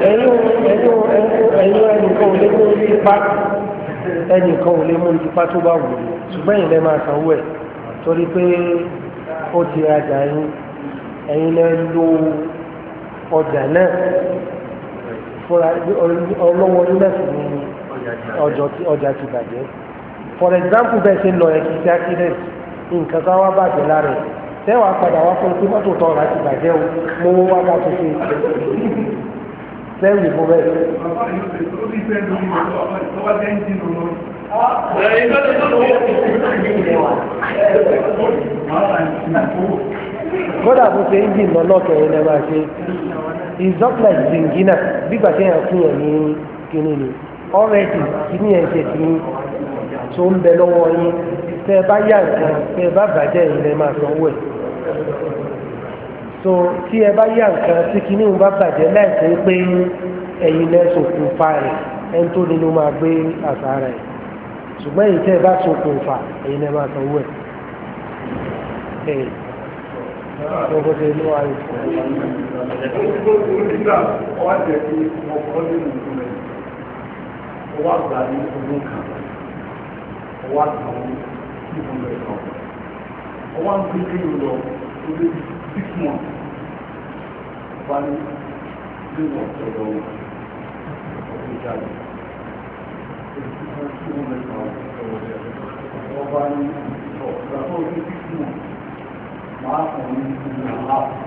ẹ̀yin ẹ̀yin kò lè kó ipa ẹnì kan ò lè mú ní tipa tó bá wù ú ṣùgbọ́n ẹ̀yin lẹ́ máa sanwó ẹ̀ torí pé ó ti rajà yín ẹ̀yin lẹ́ lo ọjà náà fúnra ọlọ́wọ́ yín náà sì ní ọjà ti bàjẹ́ for example bẹ́ẹ̀ ṣe ń lọ ẹ̀ kì í accident nǹkan kan wá bàjẹ́ lára ẹ̀ tẹ́wàá padà wá fún un pé mọ́tò tọ̀ọ̀rọ̀ àti bàjẹ́ o mo wá bá tó ṣe sẹ́yìn fún bẹ́ẹ̀. kódà bó ṣe ń jìn lọ lọ́kẹ̀ẹ́ lẹ́ máa ṣe is not like zingina bígbà tí yẹn fún yẹn ní kíní ni already kíní yẹn ṣe ti tó ń bẹ lọ́wọ́ yín tẹ́ ẹ bá yá nǹkan tẹ́ ẹ bá bàjẹ́ yìí lẹ́ máa sanwó ẹ̀ so tí ẹ bá yá nǹkan tí kinní ń bá bàjẹ́ láìpẹ́ pé ẹ̀yin lẹ ṣokùnfà rẹ̀ ẹni tó nínú máa gbé àṣà rẹ̀ ṣùgbọ́n èyí tẹ́ ẹ bá ṣokùnfà ẹ̀yin lẹ máa sanwó ẹ̀. Gbogbo ṣe ní wàá yìí. Gbogbo nígbà wá jẹ́ kí ọkọ ní ìlú rẹ̀, wá gbà ní ọdún kan, wá gbà ní ìlú rẹ̀ kan, wá ń gbé kí ìlú lọ, ó lé ní six months ní ìlú ọ̀tọ̀ọ̀dọ̀ wọn ọ̀tọ̀ jáde wọ́n bá ní ìgbà tó ní six months máa fọ̀ ní ìlú àhàbù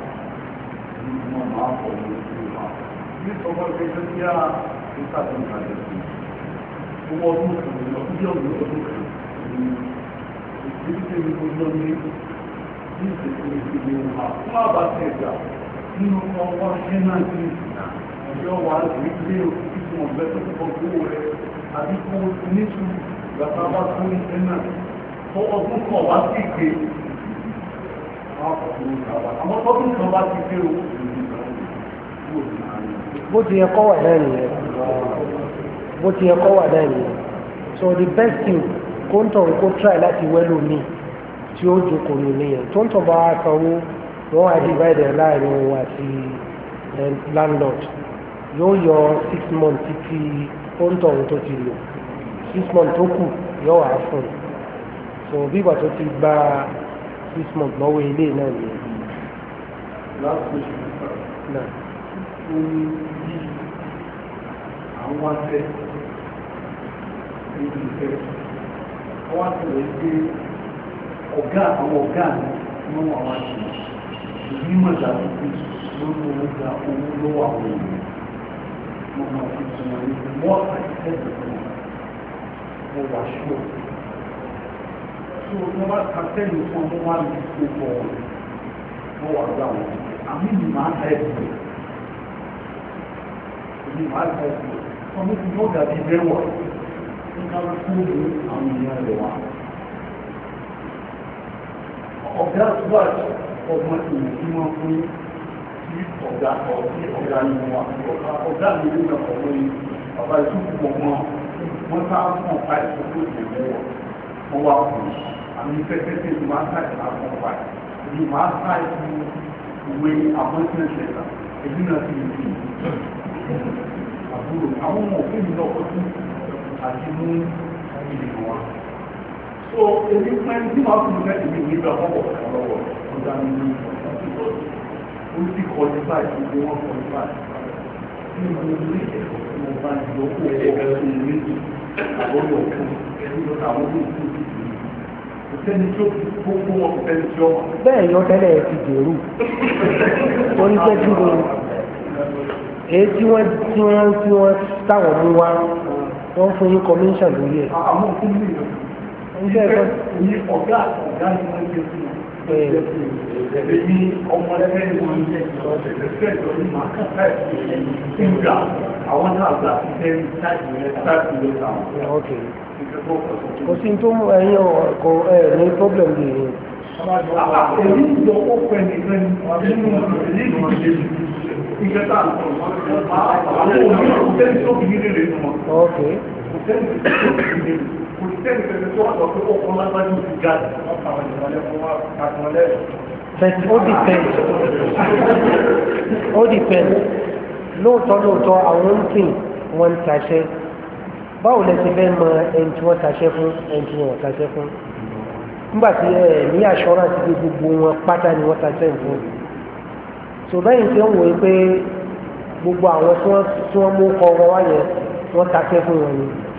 ní ìlú máa fọ̀ ní ìlú àhàbù ní ọgbọ́n ìgbésẹ̀ tí a ń sàtúnṣe àjẹsí owó ọdún kan ní ọdún yóò ní ọdún kan ní ìdílé ìgbésẹ̀ ní ní ìpínlẹ̀ ìpínlẹ̀ ìwà fún àbátẹ̀gbà nínú ọwọ́ ṣẹ́ náà ní ìsìnà ọjọ́ bó ti yẹ kọ́ wà náà nìyẹn bó ti yẹ kọ́ wà náà nìyẹn so the best thing kó ń tọ̀rọ̀ kó try láti wẹ́lò míì tí ó jókòó ní iléyàn tó ń tọ́ bá sanwó wọ́n á divide ẹ̀ láàrin òun àti landlord yóò yọ six months tí ó ń tọ̀hún tó ti lò six months tó kù yóò wá fún un so bí ìgbà tó ti gba six months lọ́wọ́ ilé náà nìyẹn. last question náà. ó ní bí àwọn àtẹ níbi ìfẹ́ àwọn àtẹ rẹ̀ gbé ọ̀gá àwọn ọ̀gá mi wọ́n wà wá sí ìlú mọ̀jà òkú lórí owó gba owó lọ́wọ́ àwọn ènìyàn mo máa fi sọ wọn ní mọ́ àìsẹ́sẹ̀ fún wọn mo wà ṣúọ̀ tó wọ́n bá kàtẹ́lì fún wọn wá ní gbogbo ọ̀rọ̀ wọ́n wà gbà wọn àmì ni màá ta ẹ̀sìn èmi màá ta ẹ̀sìn wọn ní ti mọ́ dàbí mẹ́wàá ní ká fún àwọn ènìyàn rẹ̀ wá ọ̀gá àdúrà ọmọ ènìyàn tí wọ́n fún sí ọ̀gá ọ̀sí ọ̀gá nínú wa ọ̀gá mi ní ọ̀pọ̀ lórí bàbá ìtúkù ọmọ wọn sáà fún ọ̀pá ìtúkù ìrẹ̀lẹ̀ wọn wá fún àmì pẹ́pẹ́pẹ́ ìlú máa ń sáà ìlú àwọn ọ̀pá ìlú máa ń sáà ìlú ìwé àbọ̀tẹ́sẹ̀ ìlú náà ti lè fi àbúrò àwọn ọmọ òfin lọ́kọ́ sí àti mú ìdìbò wa so èmi pẹ́ tí wọ́n fún mi lẹ́yìn mi nígbà ọ̀pọ̀ ọ̀pọ̀lọpọ̀ ọ̀gá mi ní ó sì kọjú báyìí pé wọ́n kọjú báyìí ní mo ní ẹ̀kọ́ tí mo bá ní lọ́kọ̀ ẹ̀ka sí i méjì àbọ̀lọ̀ ọ̀kan ẹni lọ́ta àwọn tó kù kò sẹ́ni tó kó fún wọn kò sẹ́ni tó wà. bẹ́ẹ̀ ni ọ̀tẹ́lẹ̀ ti dèrú torí pé kí ni èyí tí wọ́n tí wọ́n tí wọ́n táwọn mú wá wọ́n fún yín commission lórí ẹ̀. àwọn òkú mi yẹn iṣẹ́ ẹ̀kọ́ ní ọ̀gá ọ̀gá ni wọ́n jẹ́ sí ẹ̀ẹ́dẹ̀ ní ọmọ ẹgbẹ́ ni wọ́n jẹ́ ẹ̀ẹ́dẹ̀ ní màkàtà ìṣẹ́ ìgbà àwọn náà gbà sí ẹ̀ẹ́dẹ̀ láti rẹ̀ láti rẹ̀ sáwọn. kò sí tó ẹ̀yìn ọkọ̀ ẹ̀ ní problem dè é. èyí ìjọ ó pẹ́ nìkan nínú èyí ìjọ ìjọba àwọn òmìnira kò tẹ́lẹ̀ tó kìí rèé nù wọn but all depends. All depends. lóòótọ́ lóòótọ́ àwọn ń pè wọ́n ń taṣẹ́ báwo lẹ ti fẹ́ mọ ẹni tí wọ́n taṣẹ́ fún ẹni tí wọ́n taṣẹ́ fún nígbà tí ẹ ní assurance pé gbogbo wọn pátá ni wọ́n taṣẹ́ fún so bẹ́yìn tí ó ń wòye pé gbogbo àwọn tí wọ́n mú kọ́ wọn wáyẹ wọ́n taṣẹ́ fún wọn ni.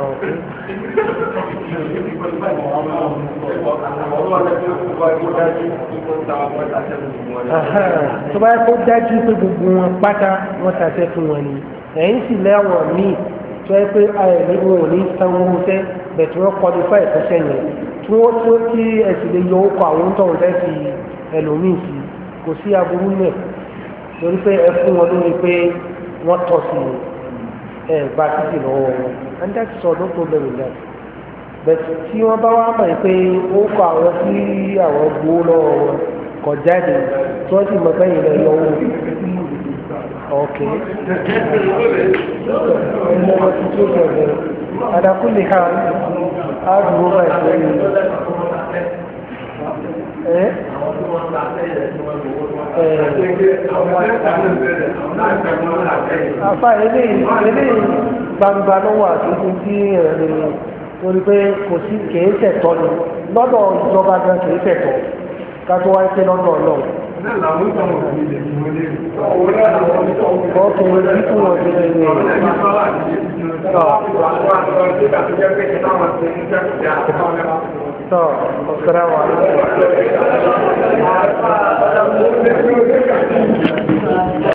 tó bá yẹ kó dájú pé gbogbo wọn pátá wọn tàṣẹ fún wọn ni ẹ̀yìn sì lẹ́wọ̀n míì tó yẹ pé àìní wọn ò ní sanwó tẹ́ bẹ̀tù wọn kọ́ni fún ẹ̀kọ́ṣẹ́ yẹn tí wọ́n tó kí ẹ̀sìn lè yọ ọkọ̀ àwọn tó ń tẹ́ fi ẹlòmíì sí kò sí aburú náà lórí pé ẹ fún wọn lórí pé wọ́n tọ̀ sí i ẹ̀ gba títì lọ́wọ́ wọn and that's all no problem with that but tí wọ́n bá wá mọ̀ pé ó kọ àwọn tí àwọn gbowó lọ́wọ́ wọn kọ̀ jáde tí wọ́n sì mọ̀ pé ìlẹ̀ lọ́wọ́ okay ẹ̀mọ́ wọn ti tó bẹ̀rẹ̀ àdàkùnlé ha á dúró báyìí lẹ́yìn. Eh? àfa eléyìí eléyìí gbangba ló wà títí tí torí pé kò sí kèé tẹ̀tọ́ ni lọ́dọ̀ ìjọba gan kèé tẹ̀tọ́ ká wáyé pé lọ́dọ̀ ọlọ́run. Ọkùnrin tí kò wọ́n ti rìn rìn to assalamu